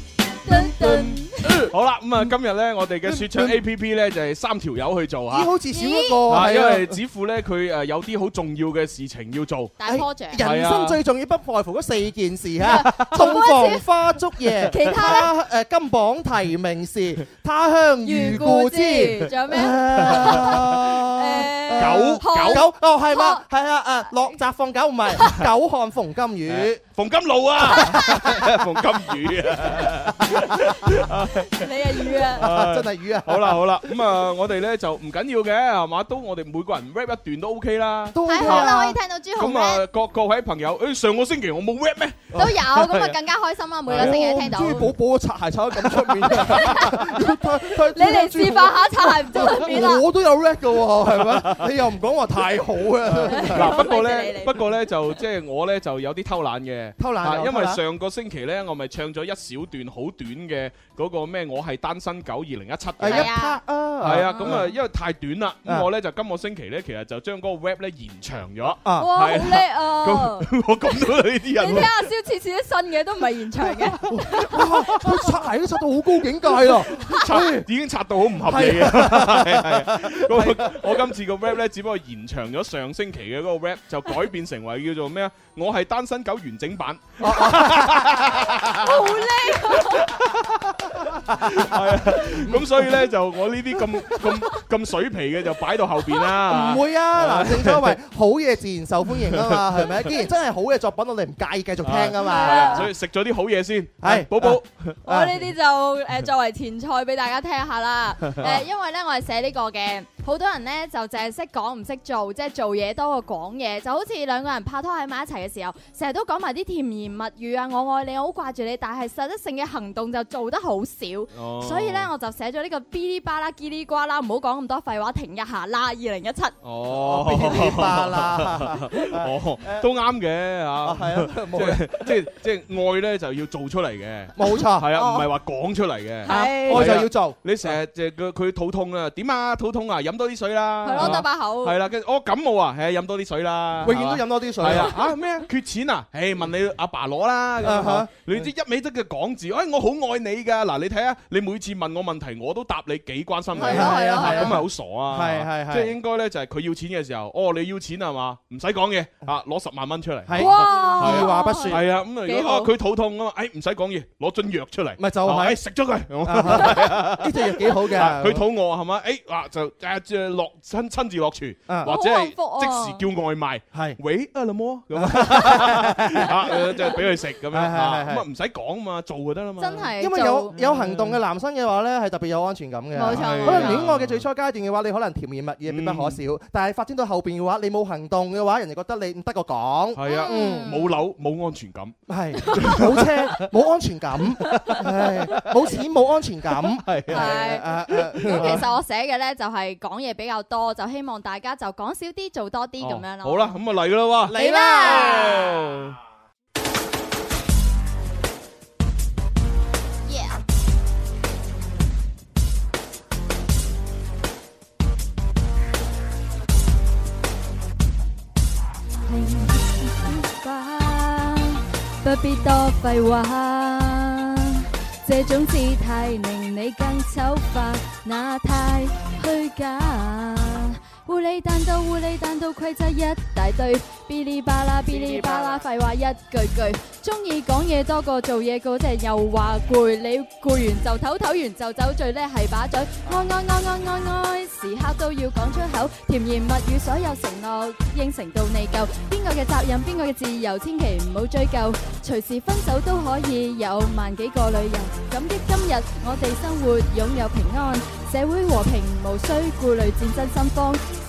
A: 好啦，咁啊，今日咧，我哋嘅說唱 A P P 咧就係三條友去做吓，咦，好似少一個，因為子富咧佢誒有啲好重要嘅事情要做，大 project，人生最
E: 重要不外乎嗰四件事吓，洞房花燭夜，其他咧誒金榜題名時，他鄉遇故知，仲
F: 有咩？誒，
E: 狗狗哦係嘛，係啊啊落閘放狗唔係，久旱逢金魚。黃金露啊，馮金
F: 魚啊，你
B: 啊魚啊，真係魚啊！好啦好
A: 啦，咁啊，我哋咧就唔緊要嘅，係嘛，都我哋每個人 rap 一段都 OK 啦，係好啦，可以聽到朱紅。咁啊，各各位朋友，誒，上個星期我冇 rap 咩？都有咁啊，更加
B: 開心啦！每個星期都聽到。朱
E: 寶寶擦
A: 鞋擦得咁出面
E: 嘅，你嚟示範下擦鞋唔出面啊！我都有
B: rap
A: 㗎，係嘛？你又唔
E: 講話太好啊？嗱，不過咧，
A: 不過咧，就即係我咧就有啲偷懶嘅。偷懶，因為上個星期咧，我咪唱咗一小段好短嘅嗰個咩？我係單身狗二零一七，係一
F: part 啊，係啊，
A: 咁啊，因為太短啦，咁我咧就今個星期咧，其實就將嗰個 rap 咧延長咗。哇，好叻啊！我咁到呢啲人，你睇阿
B: 肖次次啲新嘅都唔係延長嘅，佢擦鞋都擦到好高境界咯，已
A: 經擦到好唔合理嘅。係係，我今次個 rap 咧只不過延長咗上星期嘅嗰個 rap，就改變成為叫做咩啊？我係單身狗完整版，
D: 好叻，係啊！
A: 咁所以咧就我呢啲咁咁咁水皮嘅就擺到
E: 後邊啦。唔會啊！嗱，正所謂好嘢自然受歡迎啊嘛，係咪？既然真係好嘅作品，我哋唔介意繼續聽啊嘛。所以
A: 食咗啲好嘢先。係，寶寶，我呢
B: 啲就誒作為前菜俾大家聽下啦。誒，因為咧我係寫呢個嘅。好多人咧就淨係識講唔識做，即係做嘢多過講嘢，就好似兩個人拍拖喺埋一齊嘅時候，成日都講埋啲甜言蜜語啊，我愛你，我好掛住你，但係實質性嘅行動就做得好少，所以咧我就寫咗呢個嗶哩吧啦嘰哩呱啦，唔好講咁多廢話，停一下啦，二零一七哦，嗶
A: 哩吧啦，哦都啱嘅吓，係啊，即係即係愛咧就要做出嚟嘅，冇錯，係啊，唔係話講出嚟嘅，愛就要做，你成日就佢肚痛啊，點啊肚痛啊飲多啲水啦，係咯，得把口。係啦，跟住我感冒啊，係飲多啲水啦。永遠都飲多啲水。係啊，吓咩啊？缺錢啊？誒，問你阿爸攞啦。你知一味得嘅講字，誒，我好愛你噶。嗱，你睇下，你每次問我問題，我都答你幾關心你。係啊係啊係啊。咁咪好傻啊？係係係。即係應該咧，就係佢要錢嘅時候，哦，你要錢係嘛，唔使講嘢，啊，攞十萬蚊出嚟。哇！二話不說，係啊，咁啊，如果佢肚痛啊嘛，誒，唔使講嘢，攞樽藥出嚟。咪就係食咗佢。呢隻藥幾好嘅。佢肚餓係嘛？誒，嗱，就誒。即係落親親自落廚，或者係即時叫外賣，係喂阿老摩咁啊，就俾佢食咁樣，咁啊唔使講啊嘛，做就得啦嘛。真係，因為有有行
E: 動嘅男生嘅話咧，係特別有安全感嘅。冇錯，可能戀愛嘅最初階段嘅話，你可能甜言蜜語必不可少，但係發展到後邊嘅話，你冇行動嘅話，人哋覺得你唔得個講，係啊，冇樓冇安全感，係冇車冇安全感，係冇錢冇安全感，係。
B: 係，其實我寫嘅咧就係講。講嘢比較多，就希望大家就講少啲，做多啲咁樣啦。好
A: 啦，咁啊嚟啦喎！嚟啦！
B: 不必多廢話。這種姿態令你更醜化，那太虛假。狐狸但到狐狸但到規則一大堆，嗶哩吧啦嗶哩吧啦，廢話一句句。中意講嘢多過做嘢嗰隻，又話攰，你攰完就唞唞完就走，最叻係把嘴。愛愛愛愛愛愛，時刻都要講出口，甜言蜜語所有承諾應承到你夠。邊個嘅責任邊個嘅自由，千祈唔好追究。隨時分手都可以，有萬幾個女人。感激今日我哋生活擁有平安，社會和平無須顧慮戰爭心慌。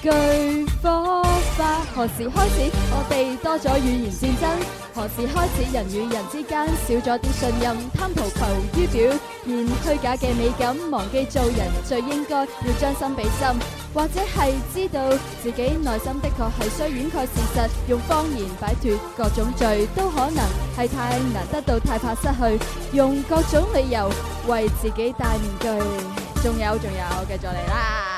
B: 巨火花，何時開始？我哋多咗語言戰爭。何時開始人與人之間少咗啲信任？貪圖求於表，現虛假嘅美感，忘記做人最應該要將心比心。或者係知道自己內心的確係需掩蓋事實，用謊言擺脱各種罪，都可能係太難得到，太怕失去，用各種理由為自己戴面具。仲有仲有，有繼續嚟啦！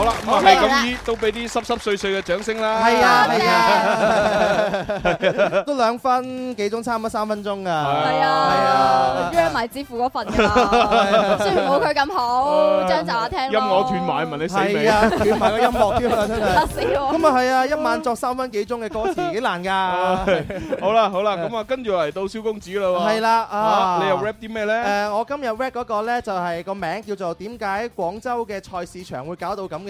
A: 好啦，係咁都俾啲濕濕碎碎嘅掌聲啦。
B: 係啊，係啊，
E: 都兩分幾鐘，差唔多三分鐘噶。
A: 係啊，係
B: 啊，約埋支付嗰份，
A: 雖然冇
B: 佢咁好，將就吓聽。音樂
A: 斷埋問你死未，斷埋個音樂添啊！真
B: 係。咁啊係啊，一
E: 晚作三分幾鐘嘅歌詞幾難㗎。好
A: 啦好啦，咁啊跟住嚟到蕭公子
E: 啦。係啦啊，你又 rap 啲咩咧？誒，我今日 rap 嗰個咧就係個名叫做點解廣州嘅菜市場會搞到咁嘅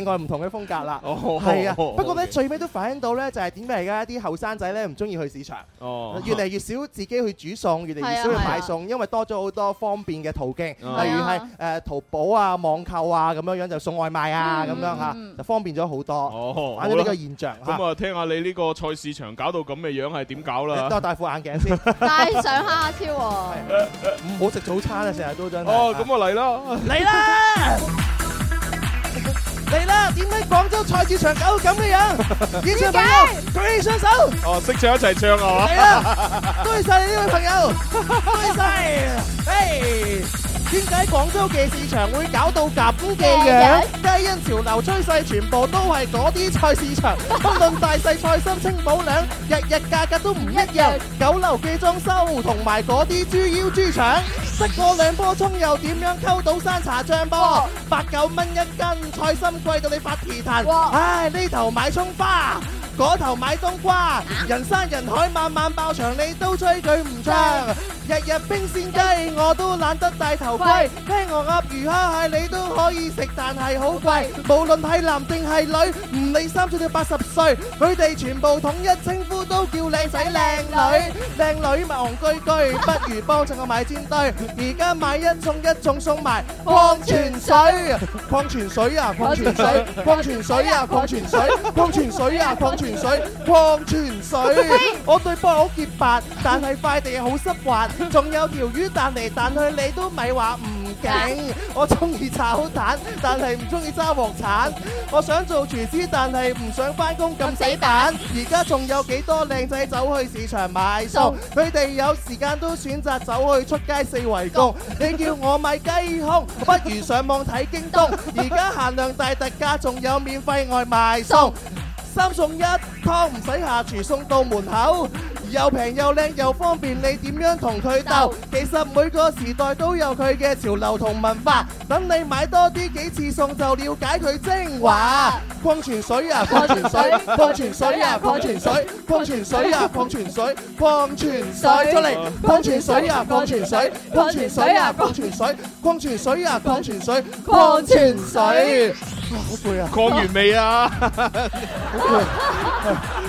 E: 另。另外唔同嘅風格啦，係啊，不過咧，最尾都反映到咧，就係點解而家啲後生仔咧，唔中意去市場，越嚟越少自己去煮餸，越嚟越少去買餸，因為多咗好多方便嘅途徑，例如係誒淘寶啊、網購啊咁樣樣就送外賣啊咁樣嚇，就方便咗好多。反正呢個現象。咁
F: 啊，
A: 聽下你呢個菜市場搞到咁嘅樣係點搞啦？
E: 戴副眼鏡先，戴
B: 上嚇，阿超，唔
E: 好食早餐啊，成日都，哦，咁啊嚟啦，
B: 嚟啦！
E: 嚟啦！點解廣州賽市場搞到咁嘅樣？ <laughs> 現場朋友，
A: <laughs> 舉起雙手。哦，識唱一齊唱啊！係啊了，
E: <laughs> 多謝你呢位朋友。 <laughs> 多謝，嘿。 <laughs> <laughs> hey. 點解廣州嘅市場會搞到夾烏嘅樣？皆因潮流趨勢，全部都係嗰啲菜市場，不論 <laughs> 大細菜心清補涼，日日價格都唔一樣。一月九樓嘅裝修同埋嗰啲豬腰豬腸，失過兩波蔥又點樣溝到山茶醬波？哇八九蚊一斤菜心貴到你發鼻痰，哇唉呢頭買蔥花。嗰頭買冬瓜，人山人海，晚晚爆場，你都吹佢唔唱。日日冰鮮雞，我都懶得戴頭盔。天鵝鴨魚蝦蟹，你都可以食，但係好貴。無論係男定係女，唔理三歲到八十歲，佢哋全部統一稱呼都叫靚仔靚女。靚女咪戇居居，不如幫襯我買煎堆。而家買一送一，仲送埋礦泉水。礦泉水啊，礦泉水，礦泉水啊，礦泉水，礦泉水啊，礦泉水，礦泉水。 <noise> 我對波好潔白，但係塊地好濕滑。仲有條魚彈嚟彈去，你都咪話唔勁。 <noise> 我中意炒蛋，但係唔中意揸鑊鏟。我想做廚師，但係唔想翻工咁死板，而家仲有幾多靚仔走去市場買餸？佢哋 <noise> 有時間都選擇走去出街四圍工。 <noise> 你叫我買雞胸，不如上網睇京東。而家 <noise> 限量大特價，仲有免費外賣送。 <noise> 嗯三送一，湯唔使下廚，送到門口。又平又靚又方便，你點樣同佢鬥？其實每個時代都有佢嘅潮流同文化，等你買多啲幾次送，就了解佢精華。礦泉水啊，礦泉水，礦泉水啊，礦泉水，礦泉水啊，礦泉水，礦泉水出嚟！礦泉水啊，礦泉水，礦泉水啊，礦泉水，礦泉水啊，礦泉水，礦泉水。好攰啊！降完未啊？好攰。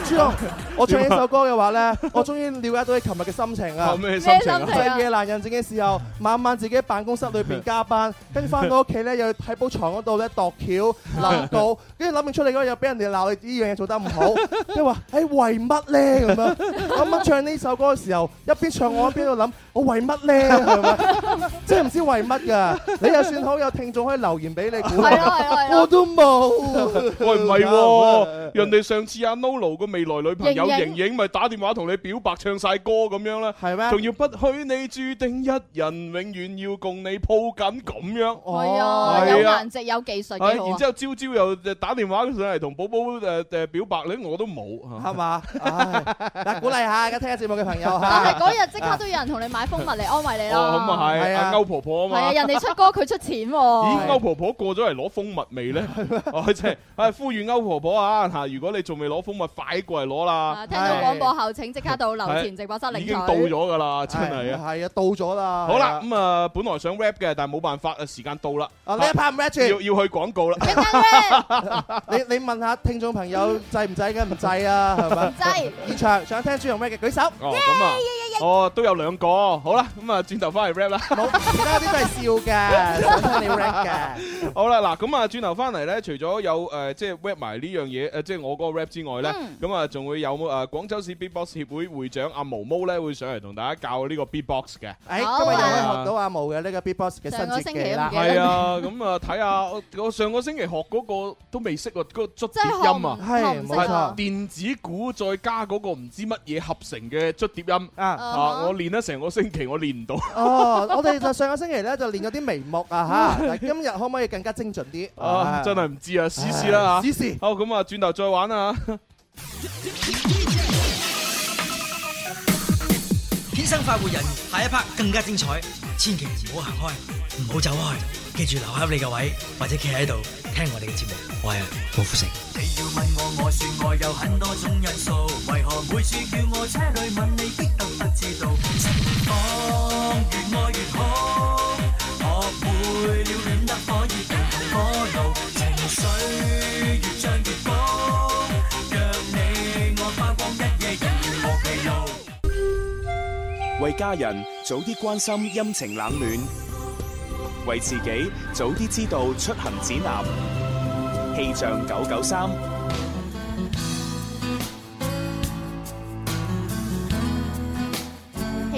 E: 朱樂，我唱呢首歌嘅話呢。我終於瞭解到你琴日嘅心情啊！咩心情啊？夜闌人靜嘅夜闌人靜嘅時候，晚晚自己喺辦公室裏邊加班，跟住翻到屋企咧，又喺鋪牀嗰度咧度橋諗到，跟住諗完出嚟嗰日又俾人哋鬧你呢樣嘢做得唔好，即係話，哎為乜咧？咁樣晚晚唱呢首歌嘅時候，一邊唱我一邊度諗，我為乜咧？係咪？即係唔知為乜㗎？你又算好有聽眾可以留言俾你。係啊係啊，我都冇。喂唔係喎，人哋上次阿 Nolo
A: 個未來女朋友瑩瑩咪打電話同你。表白唱曬歌咁樣咧，係咩？仲要不許你註定一人，永遠要共你抱緊咁樣。係啊，有顏值有
B: 技術。係，然之後
A: 朝朝又打電話上嚟同寶寶誒誒表白咧，我都冇
B: 嚇。係嘛？嗱，
E: 鼓勵下
A: 而
B: 家聽緊節目嘅朋友。但係嗰日即刻都有人同你買蜂蜜嚟安慰你啦。哦，咁啊係，阿歐婆婆啊嘛。係啊，人哋出歌佢出錢喎。咦？歐
E: 婆婆過
A: 咗嚟攞蜂蜜未咧？我即係啊，呼籲歐婆婆啊嚇！如果你仲未攞蜂蜜，快過嚟攞啦。聽到廣播
B: 後請即刻。到留田直播室嚟，已經到咗
A: 噶啦，真係啊，係
E: 啊，到咗
B: 啦。好啦，咁
A: 啊，本來想 rap 嘅，但係冇辦法，時間到啦。
B: 啊，rap 派 rap
A: 要
E: 要去廣告啦。你你問下聽眾朋友，制唔制嘅？唔制啊，係咪？唔制。現場想聽豬肉 rap 嘅舉手。哦，咁啊，哦，都有兩個。
A: 好啦，咁啊，轉頭翻嚟 rap 啦。
E: 其他啲都係笑㗎，想聽你 rap 㗎。
A: 好啦，嗱，咁啊，轉頭翻嚟咧，除咗有誒，即係 rap 埋呢樣嘢，誒，即係我嗰個 rap 之外咧，咁啊，仲會有誒廣州市 BBOX 協會。會長阿毛毛咧會上嚟同大家教呢個 Beatbox 嘅，誒、哎，今日又學到
E: 阿毛嘅呢個 Beatbox 嘅新節啦，係
D: 啊，
A: 咁啊睇下我上個星期學嗰個都未識過個捽碟音啊，係冇錯，電子鼓再加嗰個唔知乜嘢合成嘅捽碟音啊，啊,啊，我練咗成個星期我練唔到，
E: 哦，我哋、啊、 <laughs> 就上個星期咧就練咗啲眉目啊吓， <laughs> 今日可唔可以更加精准啲？啊，
A: 真係唔知試試啊，試試啦吓，試試，好，咁啊，轉頭再玩啊
G: 天生快活人，下一 part 更加精彩，千祈唔好行開，唔好走開，記住留喺你嘅位，或者企喺度聽我哋嘅節目。我係郭富城。我
A: 為家人早啲關心陰晴冷暖，為自己早啲知道出行指南。氣象九九三。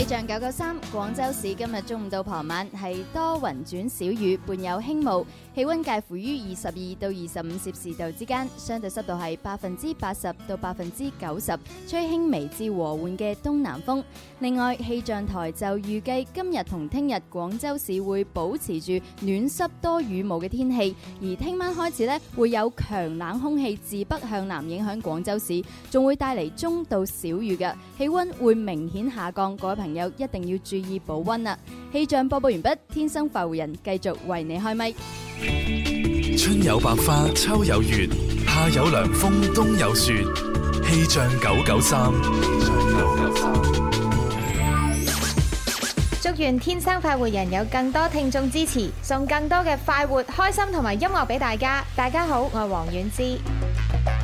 B: 氣象九九三，廣州市今日中午到傍晚係多雲轉小雨，伴有輕霧，氣溫介乎於二十二到二十五攝氏度之間，相對濕度係百分之八十到百分之九十，吹輕微至和緩嘅東南風。另外，氣象台就預計今日同聽日廣州市會保持住暖濕多雨霧嘅天氣，而聽晚開始咧會有強冷空氣自北向南影響廣州市，仲會帶嚟中到小雨嘅，氣溫會明顯下降。各位朋友。有一定要注意保溫啦！氣象播報完畢，天生快活人繼續為你開咪。
C: 春有百花，秋有月，夏有涼風，冬有雪。氣
G: 象九九三。
B: 祝願天生快活人有更多聽眾支持，送更多嘅快活、開心同埋音樂俾大家。大家好，我係黃婉之。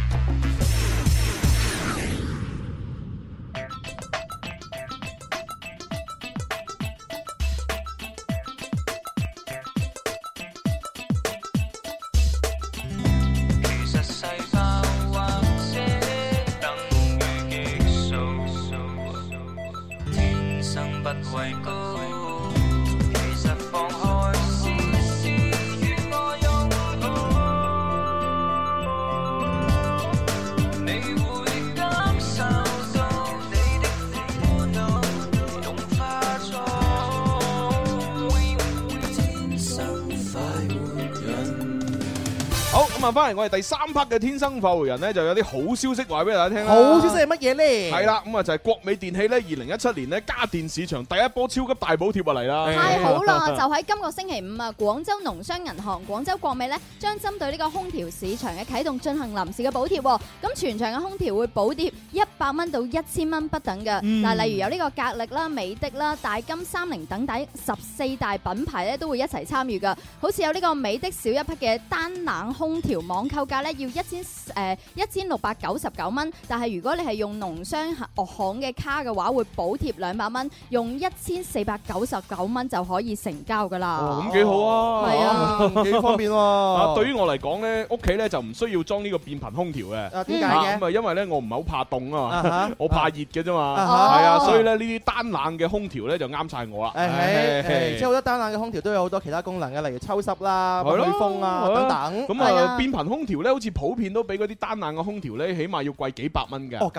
A: 咁啊，我哋第三 part 嘅天生快活人呢，就有啲好消息話俾大家聽。好消息係乜嘢呢？係啦，咁啊就係、是、國美電器呢。二零一七年呢，家電市場第一波超級大補貼啊嚟啦！太好啦！就喺
B: 今個星期五啊，廣州農商銀行、廣州國美呢，將針對呢個空調市場嘅啟動進行臨時嘅補貼。咁、哦、全場嘅空調會補貼一百蚊到一千蚊不等嘅。嗱，嗯、例如有呢個格力啦、美的啦、大金、三菱等等十四大品牌呢，都會一齊參與噶。好似有呢個美的小一匹嘅單冷空調。網購價咧要一千誒一千六百九十九蚊，但係如果你係用農商行嘅卡嘅話，會補貼兩百蚊，用一千四百九十九蚊就可以成交噶啦。咁
E: 幾好啊！係啊，幾方便喎。對
A: 於我嚟講咧，屋企咧就唔需要裝呢個變頻空調嘅。點解嘅？因為咧我唔係好怕凍啊嘛，我怕熱嘅啫嘛。係啊，所以咧呢啲單冷嘅空調咧就啱晒我啦。係，即係好
E: 多單冷嘅空調都有好多其他功能嘅，例如抽濕啦、風啊等
A: 等。咁啊，咁平空調呢，好似普遍都比嗰啲單冷嘅空
B: 調呢，起碼要
A: 貴幾百
E: 蚊
A: 嘅。 <laughs> <laughs>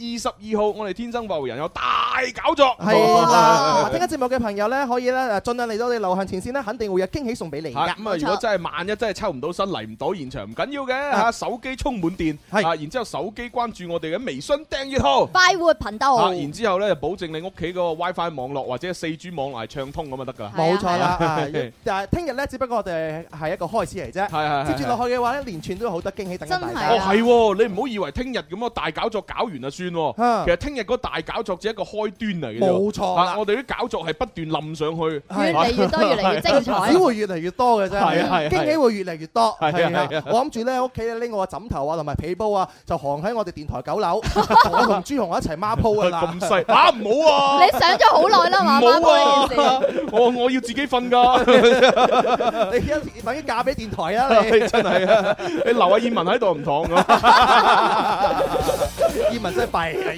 A: 二十二號，我哋天生快活人有大搞作，
E: 係啊！聽緊節目嘅朋友咧，可以咧，嗱，儘量嚟到我哋流行前線咧，肯定會有驚喜送俾你噶。咁啊，如果真
A: 係萬一真係抽唔到身嚟唔到現場，唔緊要嘅嚇，手機充滿電，係然之後手機關注我哋嘅微信訂閱號
B: 快活頻道，啊，然
A: 之後咧保證你屋企嗰個 WiFi 網絡或者四 G 網絡係暢通咁就得㗎啦。冇錯啦，
E: 但係聽日咧只不過我哋係一個開始嚟啫，係係接住落去嘅話，一連串都好多驚喜等緊大家。真係
A: 啊，係你唔好以為聽日咁啊大搞作搞完就算。其實聽日嗰大搞作只係一個開端嚟嘅，冇錯錯、啊。我哋啲搞作係不斷冧上去，越嚟越、越、越、 <laughs> 越、越多，越嚟越精彩，只會
E: 越嚟越多嘅啫。係啊，驚喜會越嚟越多。係啊，我諗住咧喺屋企咧拎我個枕頭啊，同埋被鋪啊，就行喺我哋電台九樓。我同朱紅一齊孖鋪啊，咁細啊，唔好啊！你想咗好耐啦，孖鋪。
A: 我我要自己瞓噶， <laughs> 你一
E: 等於，你嫁俾電台啊！你 <laughs> 真係啊，你留
A: 阿艷文喺度唔妥。 <laughs> <laughs>
E: 葉文真係弊，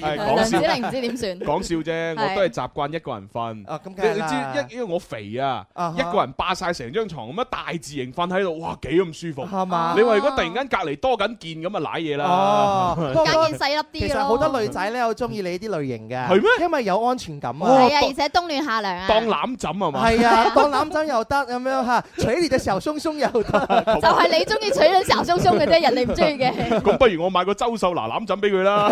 A: 講笑。梁子玲唔知點算，講笑啫。我都係習慣一個人瞓。
E: 你
B: 你
A: 知，因因為我肥啊，一個人霸晒成張床咁樣大字型瞓喺度，哇幾咁舒服。係嘛？你話如果突然間隔離多緊件咁啊，賴嘢啦。多件細粒
E: 啲咯。其實好多女仔咧，好中意你啲類型嘅。係咩？因為有安全感啊。係啊，而且冬暖夏涼啊。當攬枕啊嘛？
A: 係啊，當
E: 攬枕又得咁樣嚇，取暖嘅時候鬆鬆又得。
A: 就係
B: 你中意取暖時候鬆鬆嘅啫，人哋唔中意嘅。
A: 咁不如我買個周秀娜攬枕俾佢啦。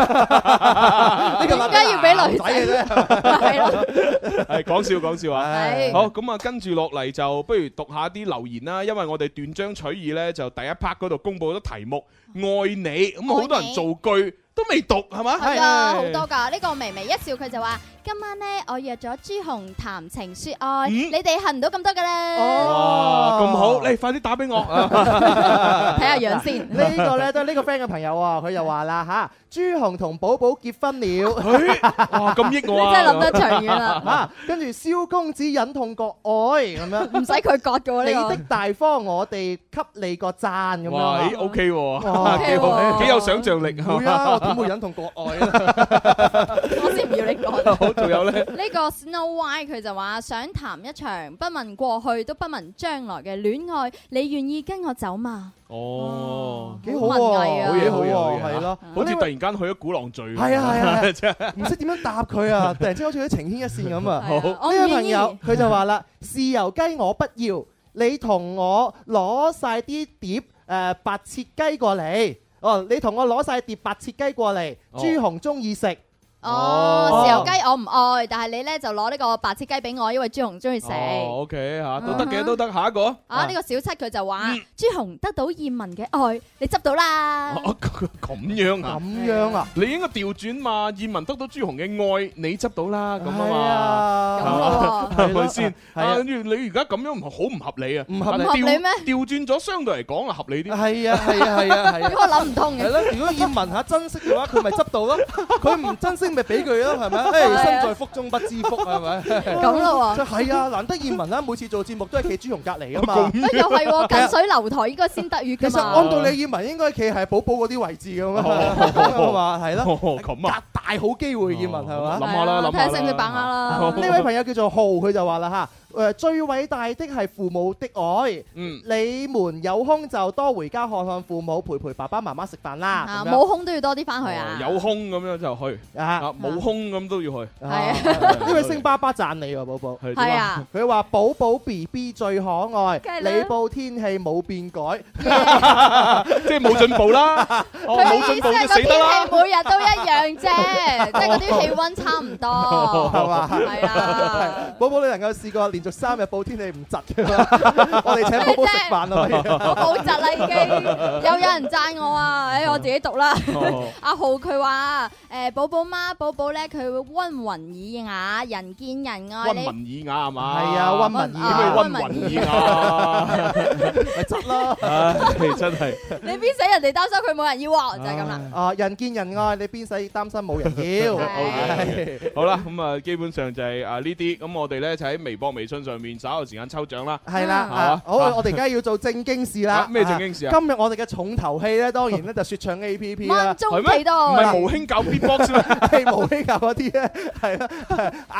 B: 你點解要俾女仔啫？
A: 係講笑講笑啊！笑 <laughs> 好，咁啊，跟住落嚟就不如讀一下啲留言啦。因為我哋斷章取義咧，就第一 part 嗰度公佈咗題目，愛你，咁、嗯、好你多人造句。都未讀係嘛？係啊，好多
B: 噶。呢個微微一笑佢就話：今晚咧，我約咗朱紅談情說愛。咦，你哋恨到咁多嘅咧。
A: 哦，咁好，你快啲打俾我，
B: 睇下樣先。
E: 呢個咧都係呢個 friend 嘅朋友啊，佢又話啦吓，朱紅同寶寶結婚了。哇，咁益我啊！你真係諗
A: 得長遠啦。啊，
E: 跟住蕭公子忍痛割愛咁樣，唔使佢割嘅喎，呢個大方，我哋給你個讚咁啊。誒
B: ，OK，OK，幾有想像力。啊。點會忍同國外啊？ <laughs> <laughs> 我先唔要你講 <laughs> 呢。好，仲有咧？呢個 Snow White 佢就話想談一場不問過去都不問將來嘅戀愛，你願意跟我走嘛？
A: 哦，幾、哦、好啊！啊好好嘢，係咯，好似啦突然間去咗
E: 鼓浪嶼。係啊，係啊，唔識點樣答佢啊？突然之間好似啲情牽一線咁啊！ <laughs> 啦好，呢個朋友佢就話啦：豉油雞我不要，你同我攞晒啲碟誒、呃、白切雞過嚟。哦，你同我攞曬碟白切雞過嚟，朱、哦、紅中意食。
B: 哦，豉油雞我唔愛，但係你咧就攞呢個白切雞俾我，因為朱紅中意食。O
A: K 吓，都得嘅，都得。下一個啊，呢
B: 個小七佢就話朱紅得到燕文嘅愛，你執到啦。
A: 咁樣啊？咁樣啊？你應該調轉嘛？燕文得到朱紅嘅愛，你執到啦，咁啊嘛？係啊，係咪先？你而家咁樣唔係好唔合理啊？唔合理咩？調轉咗相
E: 對嚟講啊，合理啲。係啊，係啊，係啊，係。呢個諗唔通嘅。如果燕文肯珍惜嘅話，佢咪執到咯。佢唔珍惜。咪俾佢咯，係咪？唉，身在福中不知福，係咪？咁咯即係啊，難得燕文啦，每次做節目都係企朱紅隔離㗎嘛， <laughs> 又係喎、哦，近水
B: 樓台應該先得月㗎。其實按道理燕文應該企係寶寶
E: 嗰啲位置㗎咁啊嘛，係咯 <laughs> 好。 <laughs> 咁啊， <laughs> 隔大好機會，燕文係咪？諗下啦，諗、啊、下把握啦。呢、 <laughs> 啊 <laughs> 啊、位朋友叫做浩，佢就話啦嚇。誒最偉大的係父母的愛。嗯，你們有空就多回家看看父母，陪陪爸爸媽媽食飯啦。啊，冇空都要多啲翻去啊。有
A: 空咁樣就去。啊，冇空咁都要去。係啊，因為
E: 星爸爸讚你喎，寶寶。係啊。佢話：寶寶 BB 最可愛。你報天氣冇變改，即係冇進步
B: 啦。佢冇進步，意思係個天氣每日都一樣啫，即係嗰啲氣温差唔多，係嘛？係
E: 啦。寶寶，你能夠試過連。就三日報天氣唔窒嘅嘛，我哋請寶寶食飯啦。我
B: 冇窒啦，已經又有人贊我啊！哎，我自己讀啦。阿豪佢話：誒寶寶媽寶寶咧，佢會温文爾雅，人見人愛。温文
A: 爾雅係嘛？係啊，温文。點可以温文爾雅啊？咪窒啦！你真係。
B: 你邊使人哋擔心佢冇人要啊？就係咁啦。啊，
E: 人見人愛，你邊使擔心冇人要？OK，
A: 好啦，咁啊，基本上就係啊呢啲，咁我哋咧就喺微博、微。信上面稍後時間抽獎啦，係啦，好我哋而家
E: 要做正經事啦。咩正經事啊？今日我哋嘅重頭戲咧，當然咧就説唱 APP 啦，係咩？唔係無興搞 beatbox 咩？係無興搞嗰啲咧，係啦，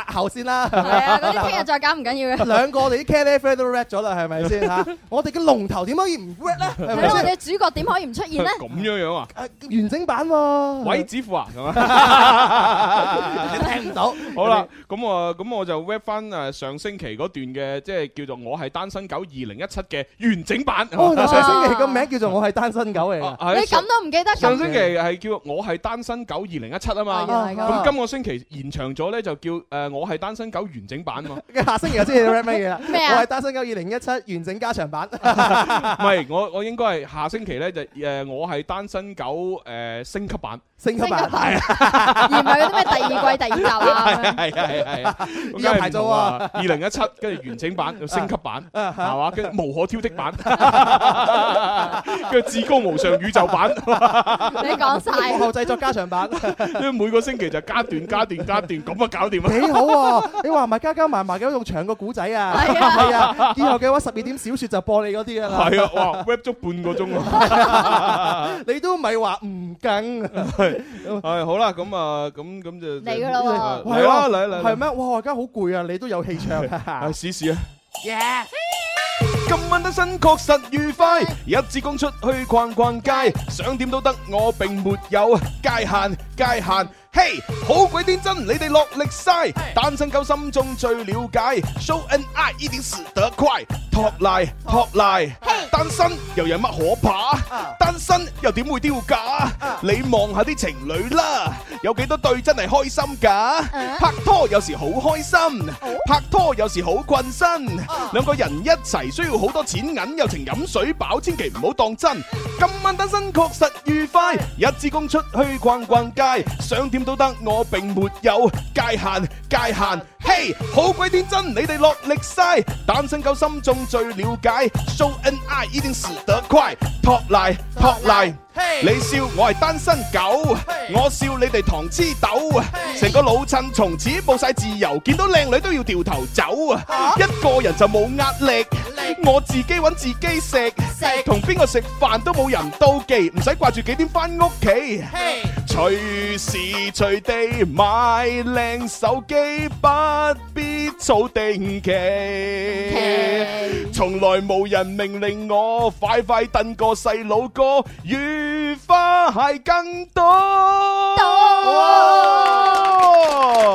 E: 後先啦。係啊，嗰啲聽
B: 日再搞唔緊要嘅。兩個我哋
E: 啲 friend 都 rap 咗啦，係咪先嚇？我哋嘅龍頭點可以唔
B: rap 咧？係我哋嘅主角點可以唔出現咧？咁樣樣啊？完整版喎，鬼
E: 子話
A: 係嘛？你聽唔到？好啦，咁我咁我就 rap 翻誒上星期。嗰段嘅即係叫做我係單身狗二零一七嘅完整版。上星期個
E: 名叫做我係單身狗嚟
A: 嘅，你咁都唔
B: 記得？上星期
A: 係叫我係單身狗二零一七啊嘛。咁今個星期延長咗咧，就叫誒我係單身狗完整版啊嘛。
F: 下星期又知你 rap 乜嘢啦？咩啊？我係單身
E: 狗二零一七完整加長版。
A: 唔係，我我應該係下星期咧就誒我係單身狗誒升級版。升級版，而唔係嗰啲咩第二季第二集啊？係係係。咁又排咗啊？二零一七。跟住完整版，又升級版，係嘛？跟住無可挑剔版，跟住至高無上宇宙版，
E: 你講晒，後製作加長版，
A: 即每個星期就加段、加段、加段，咁啊搞掂啊！幾好
E: 喎！你話唔係加加埋埋幾好用長個古仔啊？係啊！以後嘅話，十二點小説就播你嗰啲啊！係啊！哇
A: ，rap 足半個鐘啊！
E: 你都唔係話唔勁
A: 係好啦，咁啊咁咁就你嘅咯，係啊，嚟嚟係咩？
E: 哇！而家好攰啊！你都有氣場試試啊！Yeah. 今晚單身確實愉快，
A: 一支公出去逛逛街，想點都得，我並沒有界限界限。嘿，hey, 好鬼天真！你哋落力晒，Hey. 單身狗心中最了解。show and I 呢點死得快？托賴托賴，單身又有乜可怕？Uh. 單身又點會丟架？Uh. 你望下啲情侶啦，有幾多對真係開心噶？Uh. 拍拖有時好開心，拍拖有時好困身。Uh. 兩個人一齊需要好多錢銀，有情飲水飽，千祈唔好當真。今晚單身確實愉快，Hey. 一支公出去逛逛街，街，想點？都得，我並沒有界限，界限。嘿，hey, 好鬼天真！你哋落力晒，單身狗心中最了解，show 恩愛已經死得快，托賴托賴。你笑我係單身狗，hey, 我笑你哋糖黐豆，成 Hey, 個老襯從此冇晒自由，見到靚女都要掉頭走啊！Huh? 一個人就冇壓力，壓力我自己揾自己食，同邊個食飯都冇人妒忌，唔使掛住幾點翻屋企，隨 Hey, 時隨地買靚手機不必早定期，定期從來冇人命令我快快等個細路哥，如花係更多。
E: 我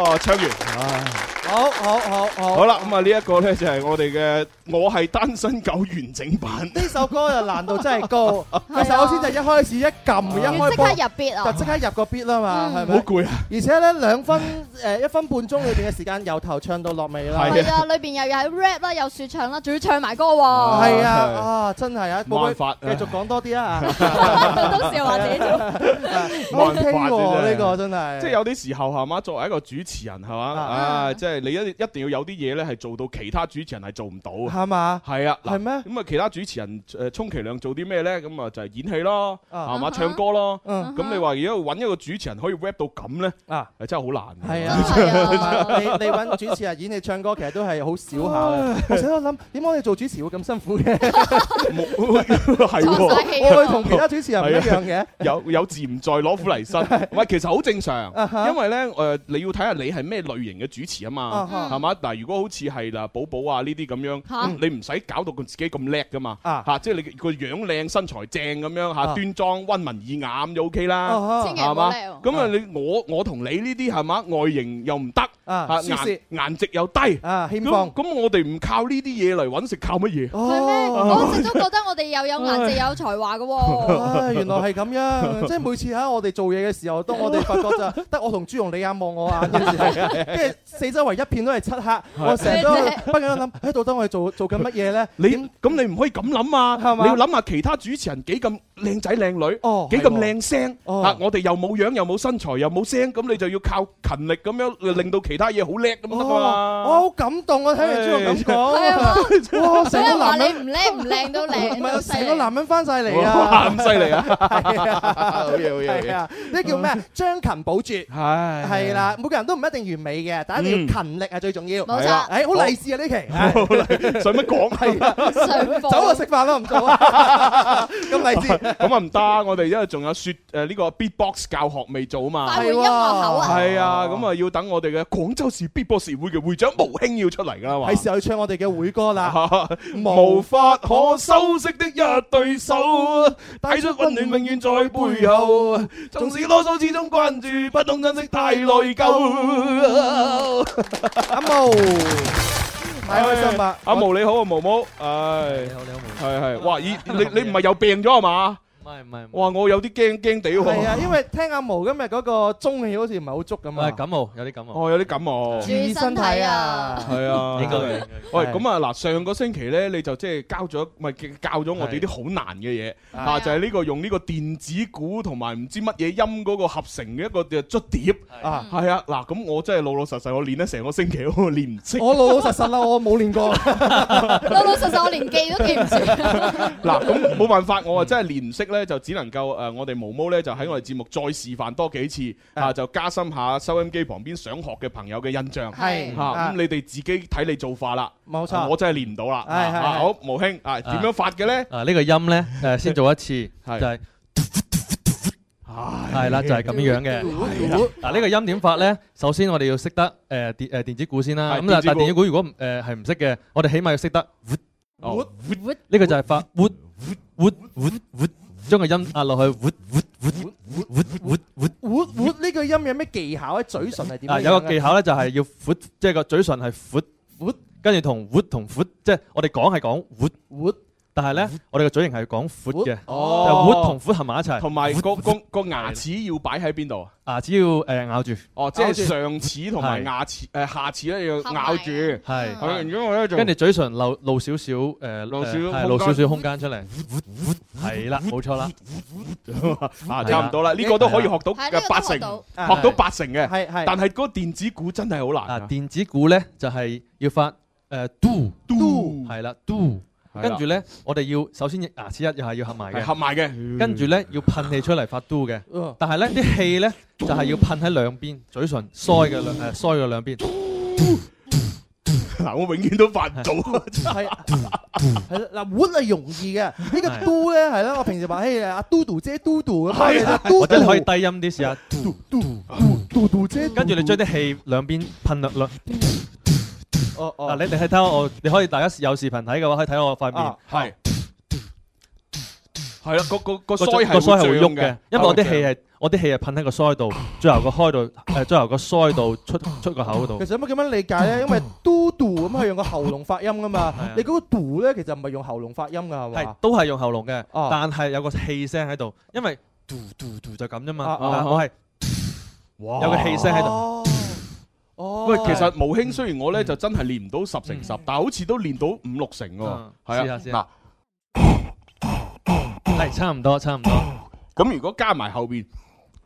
E: 哇唱完。好好好好好啦，
A: 咁啊呢一個咧就係我哋嘅我係單身狗完整版。
E: 呢首歌嘅難度真係高，呢首先就一開始一撳一開波，就即刻入 beat 啊，就即刻入個 beat 啦嘛，係咪？好攰啊！而且咧兩分誒一分半鐘裏邊嘅時間由頭唱到落尾啦，係啊！
B: 裏邊又又喺 rap 啦，又說唱啦，仲要唱埋歌，係啊！啊真係啊，冇
E: 法繼續講多啲啊！到到時又話自己冇聽過呢個真係，即係有
A: 啲時候係嘛，作為一個主持人係嘛，啊即係。你一一定要有啲嘢咧，係做到其他主持人係做唔到啊？係嘛？係啊。係咩？咁啊，其他主持人誒，充其量做啲咩咧？咁啊，就係演戲咯，係嘛？唱歌咯。咁你話如果揾一個主持人可以
E: rap 到咁咧，啊，真係好難。係啊，你你揾主持人演戲唱歌，其實都係好少下。我想我諗，點解我哋做主持會咁辛苦
A: 嘅？冇係喎。同其他主持人唔一樣嘅，有有字唔在，攞苦嚟身。喂，其實好正常，因為咧誒，你要睇下你係咩類型嘅主持啊嘛。係嘛？嗱，如果好似係啦，寶寶啊呢啲咁樣，你唔使搞到佢自己咁叻噶嘛？吓，即係你個樣靚、身材正咁樣吓，端莊溫文爾雅就 O K 啦，係嘛？咁啊，你我我同你呢啲係嘛？外形又唔得，顏顏值又低，謙
E: 芳，咁我哋唔靠呢啲嘢嚟揾，食靠乜嘢？
B: 嗰時都覺得我哋又有顏值、有才華噶
E: 原來係咁樣。即係每次喺我哋做嘢嘅時候，當我哋發覺就係得我同朱容你眼望我啊，跟住四周圍一片都係漆黑，的我成日都不斷都諗，誒、 <laughs> 哎、到底我哋做做緊乜嘢咧？你咁麼你唔可以咁諗啊，吧你要諗下其
A: 他主持人幾咁。靚仔靚女，幾咁靚聲，啊！我哋又冇樣，又冇身材，又冇聲，咁你就要靠勤力咁樣，令到其他嘢好叻咁得噶嘛！我
E: 好感動，我睇完之後咁講。哇！成個男女唔叻唔靚都靚，唔係，成個男人翻晒嚟啊！咁犀利啊！係啊，好嘢好嘢。呢叫咩？將勤補拙，係係啦。每個人都唔一定完美嘅，但係一定要勤力係最重要。冇錯，誒，好勵志啊呢期。使乜講係？走啊，食飯啦，唔錯啊，
A: 咁勵志。咁啊唔得，我哋因為仲有雪誒呢、呃這個 beatbox 教學未做嘛，係啊，咁啊要等我哋嘅廣州市 beatbox 會嘅會長毛興要出嚟
D: 啦，
E: 係時候唱我哋嘅會歌啦，無法可修飾的一對手，帶出溫暖永遠在背後，總是囉嗦始終關注，
A: 不懂珍惜太內疚，阿毛。太開心啦！哎、我 阿毛你好啊，毛毛，唉、哎，你好你好，係係、哎，哇，咦咦咦你咦你你唔係又病咗啊嘛？唔係唔係，哇！我有啲驚驚地喎。係啊，因
E: 為聽阿毛今日嗰個中氣好似唔係好足咁啊。係
A: 感冒，有啲感冒。哦，有啲感冒。注意身體啊！係啊，應該應該。喂，咁啊嗱，上個星期咧，你就即係教咗，咪教咗我哋啲好難嘅嘢啊，就係呢個用呢個電子鼓同埋唔知乜嘢音嗰個合成嘅一個捽碟啊，係啊，嗱，咁我真係老老實實我練咗成個星期，我練唔識。我老老實
E: 實啦，我冇練過。
B: 老老實實，我連記都記唔
A: 識。嗱，咁冇辦法，我啊真係練唔識咧。咧就只能夠誒，我哋毛毛咧就喺我哋節目再示範多幾次，吓就加深下收音機旁邊想學嘅朋友嘅印象。係吓咁，你哋自己睇你做法啦。冇錯，我真係練唔到啦。系係好，毛兄啊，點樣發嘅咧？
C: 啊呢個音咧，誒先做一次，系係啦，就係咁樣嘅。嗱呢個音點發咧？首先我哋要識得誒電誒電子鼓先啦。咁啊，但電子鼓如果誒係唔識嘅，我哋起碼要識得。哦，呢個就係發。將個音壓落去，活活活活活活活
E: 活活。呢個音有咩技巧咧？嘴唇係點啊？有個技巧咧，
C: 就係要闊，即係個嘴唇係闊闊，跟住同闊同闊，即係我哋講係講活活。但係咧，我哋嘅嘴型係講闊嘅，就闊同闊合埋一齊，同
A: 埋個個牙齒要擺喺邊度啊？
C: 牙齒要誒咬住，哦，即係上齒同埋牙
A: 齒，誒下齒咧要咬住，係，咁然之後咧，跟住
C: 嘴唇露露少少，誒，係露少少空間出嚟，係啦，冇錯啦，啊差唔多啦，呢個都可以學到八成，
A: 學到八成嘅，但係
C: 嗰電子鼓真係好難啊！電子鼓咧就係要發誒嘟嘟，係啦嘟。跟住咧，我哋要首先牙齒一下要合埋嘅，合埋嘅。跟住咧，要噴氣出嚟發嘟嘅。但係咧，啲氣咧就係要噴喺兩邊嘴唇腮嘅兩，係腮嘅兩邊。嗱，我
E: 永遠都發唔到。係，係啦。嗱，碗係容易嘅，呢個嘟咧係啦。我平時話嘿，阿嘟嘟姐嘟嘟，係啊，或
C: 者你可以低音啲試下。嘟嘟嘟嘟嘟姐，跟住你將啲氣兩邊噴落落，哦，嗱，你你睇睇我，你可以大家有視頻睇嘅話，可以睇我塊面，
A: 係，
E: 係啦，個個
A: 個腮係會喐嘅，
C: 因為我啲氣係我啲氣係噴喺個腮度，最後個開到，誒，最後個腮度出出個口度。其實
E: 有乜咁樣理解咧？因為嘟嘟咁係用個喉嚨發音㗎嘛，你嗰個嘟咧其實唔係用喉嚨發音㗎係嘛？係，
C: 都係用喉嚨嘅，但係有個氣聲喺度，因為嘟嘟嘟就咁啫嘛，我係有個氣聲喺度。哦、喂，其實
A: 無興，雖然我咧、嗯、就真係練唔到十成十，但係好似都練到五六成喎。係、嗯、啊，嗱，係差唔多，差唔多。咁如果加埋後邊。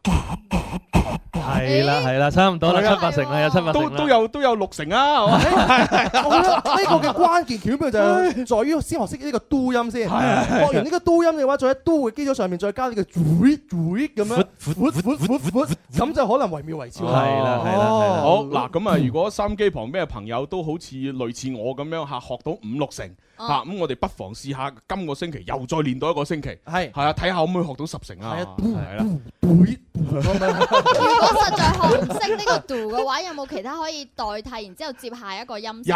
A: 嗯
C: 係啦，係啦，差唔多啦，七八成啦，有七八成啦，都都
A: 有都有六成啊！
E: 係係，呢個嘅關鍵點就係在於先學識呢個 do 音先，學完呢個 do 音嘅話，再喺 do 嘅基礎上面再加呢個 zuu 咁樣，咁就可能惟妙惟肖。
A: 係啦係啦，好嗱，咁啊，如果三機旁邊嘅朋友都好似類似我咁樣吓，學到五六成吓，咁我哋不妨試下今個星期又再練多一個星期，係係啊，睇下可唔可以學到十成啊？係啦，
B: 實在學識呢個 do 嘅話，有冇其他可以代替？然之後接下一個音。有，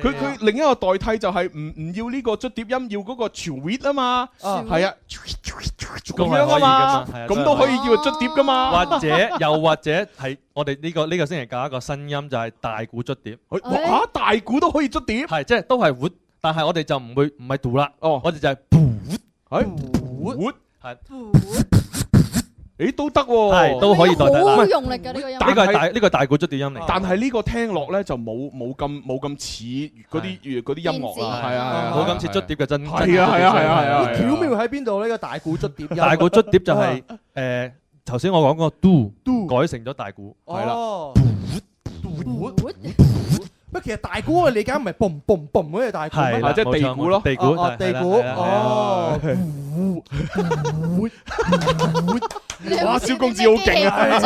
A: 佢佢另一個代替就係唔唔要呢個捽碟音，要嗰個 chewit 啊嘛，係啊，咁樣啊嘛，咁都可以叫捽碟噶嘛。或者又
C: 或者係我哋呢個呢個星期教一個新音，就係大鼓捽碟。
A: 哇，大鼓
C: 都可以捽碟？係，即係都係活，但係我哋就唔會唔係 do 啦。哦，我哋就係
B: 活
A: 活係誒都得喎，係都可以代替
C: 啦。唔係好
B: 用力嘅呢個音，呢個係大呢
A: 個係大鼓捽碟音嚟。但係呢個聽落咧就冇冇咁冇咁似嗰啲嗰啲音樂啦。係啊，冇咁似捽碟嘅真係啊係啊係啊係啊！巧
B: 妙喺
E: 邊度呢個大鼓捽碟？
A: 大鼓捽碟就係
C: 誒頭先我講嗰個 do do 改成咗大鼓
E: 係啦。其實大鼓我理解唔係嘣嘣嘣嗰隻大鼓，或者係地鼓咯，地鼓，
F: 地鼓，哦，哇，小公子好
E: 勁啊，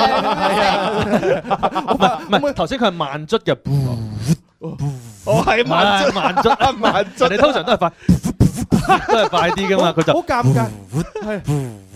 C: 唔係唔係，頭先佢係慢卒嘅，我係慢捽！慢捽！慢捽，你通常都係快。都係快啲噶嘛，佢就
E: 好
F: 尷尬。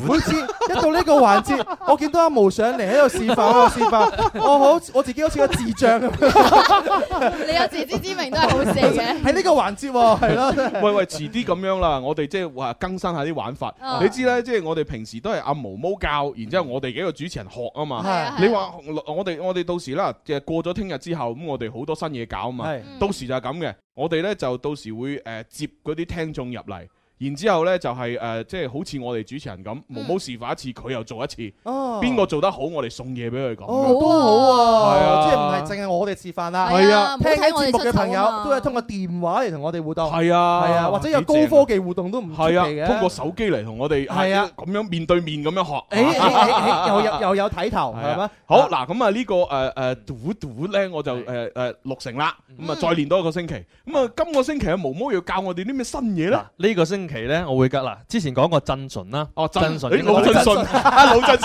E: 每次一到呢個環節，我見到阿毛上嚟喺度示範，喺度示範，我好，我自己好似個智障
F: 咁。你有自知之明都
E: 係好事嘅。喺呢個環節，係咯，
A: 喂喂，遲啲咁樣啦，我哋即係話更新下啲玩法。你知咧，即係我哋平時都係阿毛毛教，然之後我哋幾個主持人學啊嘛。係你話我哋，我哋到時啦，即係過咗聽日之後，咁我哋好多新嘢搞啊嘛。係到時就係咁嘅。我哋咧就到時會誒接嗰啲聽眾入嚟。然之後咧就係誒即係好似我哋主持人咁，毛毛示範一次，佢又做一次。哦，邊個做得好，我哋送嘢俾
E: 佢講。哦，都好啊，係啊，即係唔係淨係我哋示範啦？係啊，聽節目嘅朋友都係通過電話嚟同我哋互動。係啊，係啊，或者有高科技互動都唔出奇嘅。係啊，通過手
A: 機嚟同我哋係啊，咁樣面對面咁樣學。誒又有又有睇頭係啊？好嗱，咁啊呢個誒誒嘟嘟咧，我就誒誒六成啦。咁啊再練多一個星期。咁啊今個星期啊毛毛要教我哋啲咩新嘢啦？呢個星期咧，我會噶啦。之前
C: 講過震唇啦，哦，震唇，老震唇，老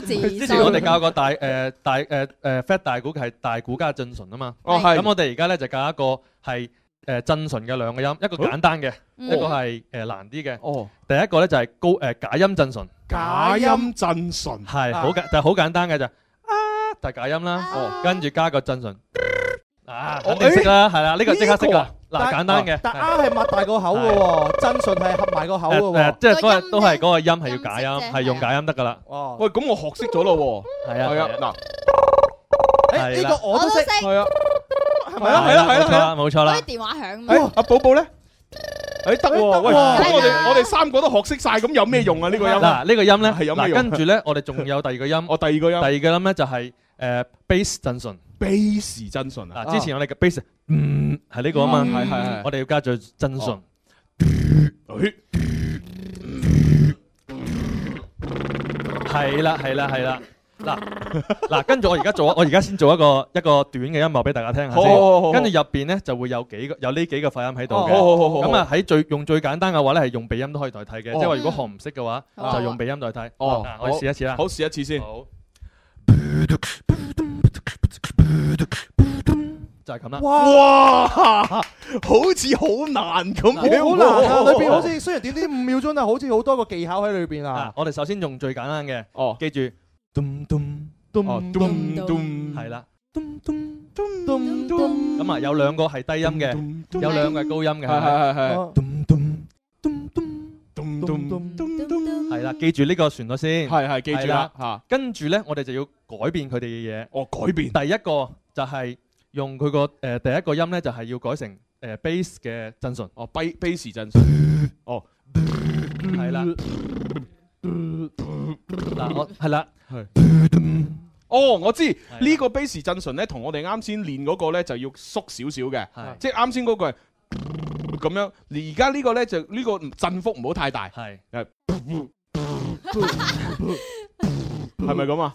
C: 震唇。之前我哋教過大誒大誒誒 fat 大鼓，係大鼓加震唇啊嘛。哦，係。咁我哋而家咧就教一個係誒震唇嘅兩個音，一個簡單嘅，一個係誒難啲嘅。哦。第一個咧就係高誒假音震唇，假音
A: 震唇
C: 係好簡，就好簡單嘅就啊，就假音啦。哦。跟住加個震唇。
D: 啊，肯定識
C: 啦，係啦，呢個即刻識噶。嗱，簡單嘅，但係
E: 係擘大個口嘅喎，真純係合埋個口喎，
C: 即係嗰日都係嗰個音係要假音，係用假音得噶啦。
E: 喂，咁我學識咗咯喎，
A: 係啊，嗱，誒呢個
F: 我都識，係啊，係咪
A: 啊？係啦，係啦，冇錯啦。電話響嘛？阿寶寶咧？誒得喎，喂，咁我哋我哋三個都學識晒，咁有咩用啊？呢個音嗱，
C: 呢個音咧係有咩用？跟住咧，我哋仲有第二個音，我第二個音，第二個音咧就係。誒，base 真純，base 真純啊！之前我哋嘅 base 嗯係呢個啊嘛，係係，我哋要加咗真純。係啦，係啦，係啦，嗱，嗱，跟住我而家做我而家先做一個一個短嘅音樂俾大家聽下先。跟住入邊咧就會有幾個有呢幾個發音喺度嘅。咁啊喺最用最簡單嘅話咧，係用鼻音都可以
A: 代替嘅，即係話如果學唔識嘅話就用鼻音代替。我哋試一次啦，好，試一次先。
E: 就係咁啦，哇好似好難咁，好難啊！裏邊好似雖然點啲五
C: 秒鐘啊，好似好多個技巧喺裏邊啊。我哋首先用最簡單嘅，哦，記住，咚咚咚咚咚咚，係啦，咚咚咚咚咚，咁啊有兩個係低音嘅，有兩個係高音嘅，係係係，咚咚咚咚咚咚咚，係啦，記住呢個旋律先，係係記住啦，吓，跟住咧我哋就要。改變佢哋嘅嘢。哦，改變。第一個就係用佢個誒第一個音咧，就係要改成誒 bass 嘅震唇。哦，b bass 嘅震唇。哦，
A: 係啦。
D: 嗱，我
A: 係啦。係。哦，我知呢個 bass 震唇咧，同我哋啱先練嗰個咧就要縮少少嘅。係。即係啱先嗰句咁樣，而家呢個咧就呢個振幅唔好太大。係。係。係咪咁啊？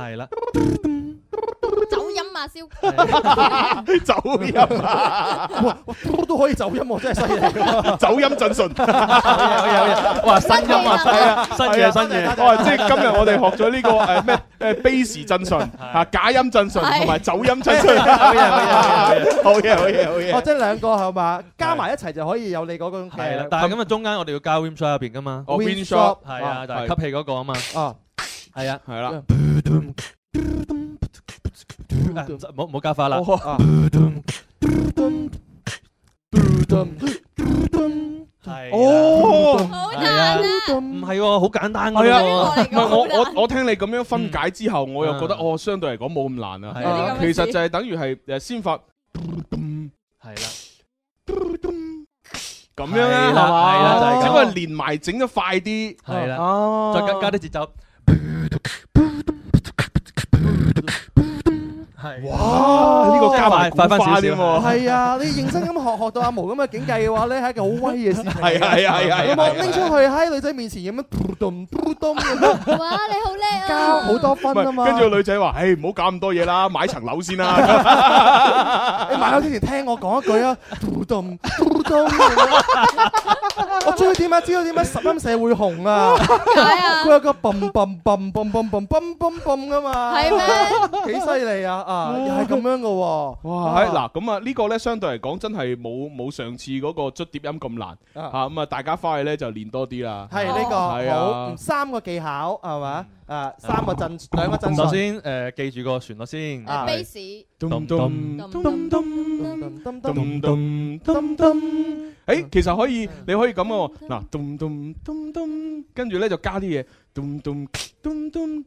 A: 係啦，
B: 走音啊！燒，
A: 走音啊！哇，都都可以走音喎，真係犀利！走音震唇，好嘢好嘢！哇，新音啊，係啊，新嘢新嘢！哇，即係今日我哋學咗呢個誒咩誒 bass 震唇吓，假音震唇同埋走音震唇，好嘢好嘢
C: 好嘢！哦，即係
E: 兩個係嘛，加埋一齊就可以有你嗰種係
A: 啦。但係
C: 咁啊，中間我哋要加 windshop 入邊噶嘛？哦，windshop 係啊，就係吸氣嗰個啊嘛。哦，係啊，係啦。唔好唔好加花啦。哦，好難
F: 啊！唔
C: 係喎，好簡單噶喎。唔係我我
A: 我聽你咁樣分解之後，我又覺得哦，相對嚟講冇咁難啊。其實就係等於係誒，先發。係啦。咁樣啦，係啦，因為連埋整得快啲。係啦。哦。再加加啲節奏。
F: 哇！呢個加埋快翻少少喎，係啊！
E: 你認真咁學學到阿毛咁嘅境界嘅話咧，係一件好威嘅事。係啊係啊係！有冇拎出去喺女仔面前咁樣？嘟咚嘟咚。哇！你好
B: 叻啊，加
F: 好多分啊嘛。
E: 跟住個
A: 女仔話：唉，唔好搞咁多嘢啦，買層樓先啦。
E: 你買樓之前聽我講一句啊，嘟咚嘟咚。我知道點解，知道點解十蚊社會紅啊？點解啊？佢有個嘣嘣嘣嘣嘣嘣嘣嘣嘅嘛？係咩？幾犀利啊！啊，又係咁樣噶喎！哇，
A: 嗱咁啊，呢個咧相對嚟講真係冇冇上次嗰個捽碟音咁難嚇，咁啊大家翻去咧就練多啲啦。
E: 係呢個，係啊，三個技巧係嘛，啊，三個陣兩個
C: 陣。首先誒，記住個旋律先。誒，bass。咚咚咚咚咚
D: 咚咚咚咚咚。
A: 誒，其實可以，你可以咁喎，嗱，咚咚咚咚，跟住咧就加啲嘢，咚咚咚咚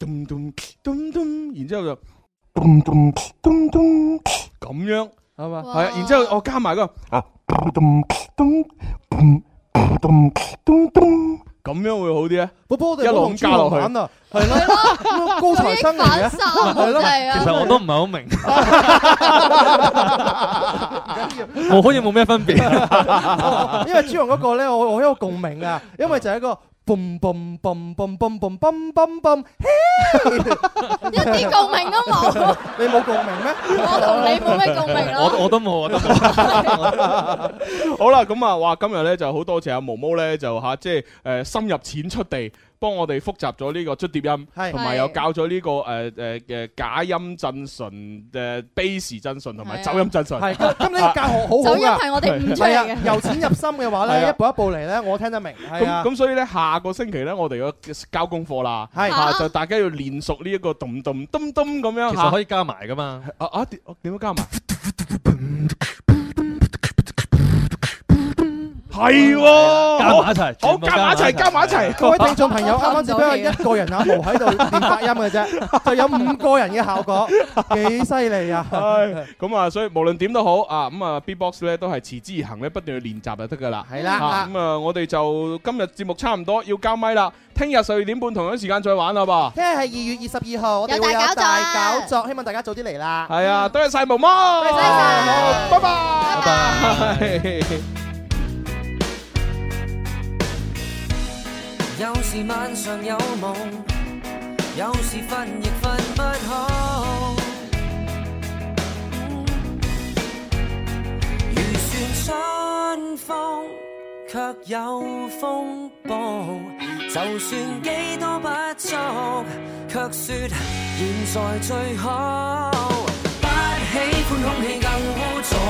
A: 咚咚咚咚，然之後就。
D: 咚咚咚咚咁
A: 樣係嘛，係啊，然之後我加埋個啊
D: 咚咚咚咚咚
A: 咚咚咁樣會好啲啊。不過我哋一路加落去啊，
F: 係咯，
E: 高材生嚟啊，係咯，
F: 其實我都唔
A: 係好明，
C: 我好似冇咩分別，
E: 因為朱紅嗰個咧，我我有一個共鳴啊，因為就係一個。嘣嘣嘣嘣嘣嘣嘣嘣，一啲共鳴都冇。
F: 你冇共鳴咩？我同你冇咩共鳴咯。我我
A: 都冇，我都好啦，咁啊，哇，今日咧就好多謝阿毛毛咧，就嚇即係誒深入淺出地。幫我哋復習咗呢個出碟音，同埋又教咗呢、這個誒誒嘅假音震唇誒貝斯震唇，同埋走音震唇。咁呢個教學好好，因為 <laughs> 我哋唔出嘅。由淺
E: 入深嘅話咧，tutaj, uma, 一步一步嚟咧，我聽得明。係啊，咁、
A: 啊、所以咧，下個星期咧，我哋要交功課啦。係啊，就大家要練熟呢一個咚咚
E: 咚咚咁樣，
A: 其實可以加埋噶嘛。啊啊，點樣加埋？
D: 係，夾埋一齊，我夾埋一齊，夾埋一齊。各位聽眾朋友，
E: 啱啱只俾我一個人阿毛喺度發音嘅啫，就有五個人嘅效果，幾犀利啊！
A: 咁啊，所以無論點都好啊，咁啊，B-box 咧都係持之以恒咧，不斷去練習就得噶啦。係啦，咁啊，我哋就今日節目差唔多要交咪啦，聽日十二點半同樣時間再玩啦噃。
E: 聽日係二月二十二號，我哋會有大搞作，希望大家早啲嚟啦。係啊，多謝晒毛毛，多謝晒，
D: 好，拜拜。有時晚上有夢，有時瞓亦瞓不好。如船春風，卻有風暴。就算幾多不足，卻說現在最好。不喜歡空氣更污濁。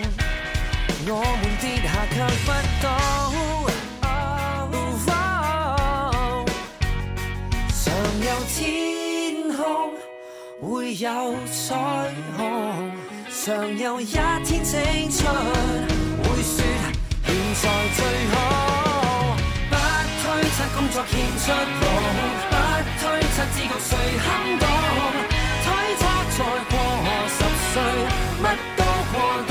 D: 我們跌下卻不倒，常有天空會有彩虹，常有一天青春會說現在最好。不推測工作欠出路，不推測自覺誰肯當，推測再過十歲乜都過。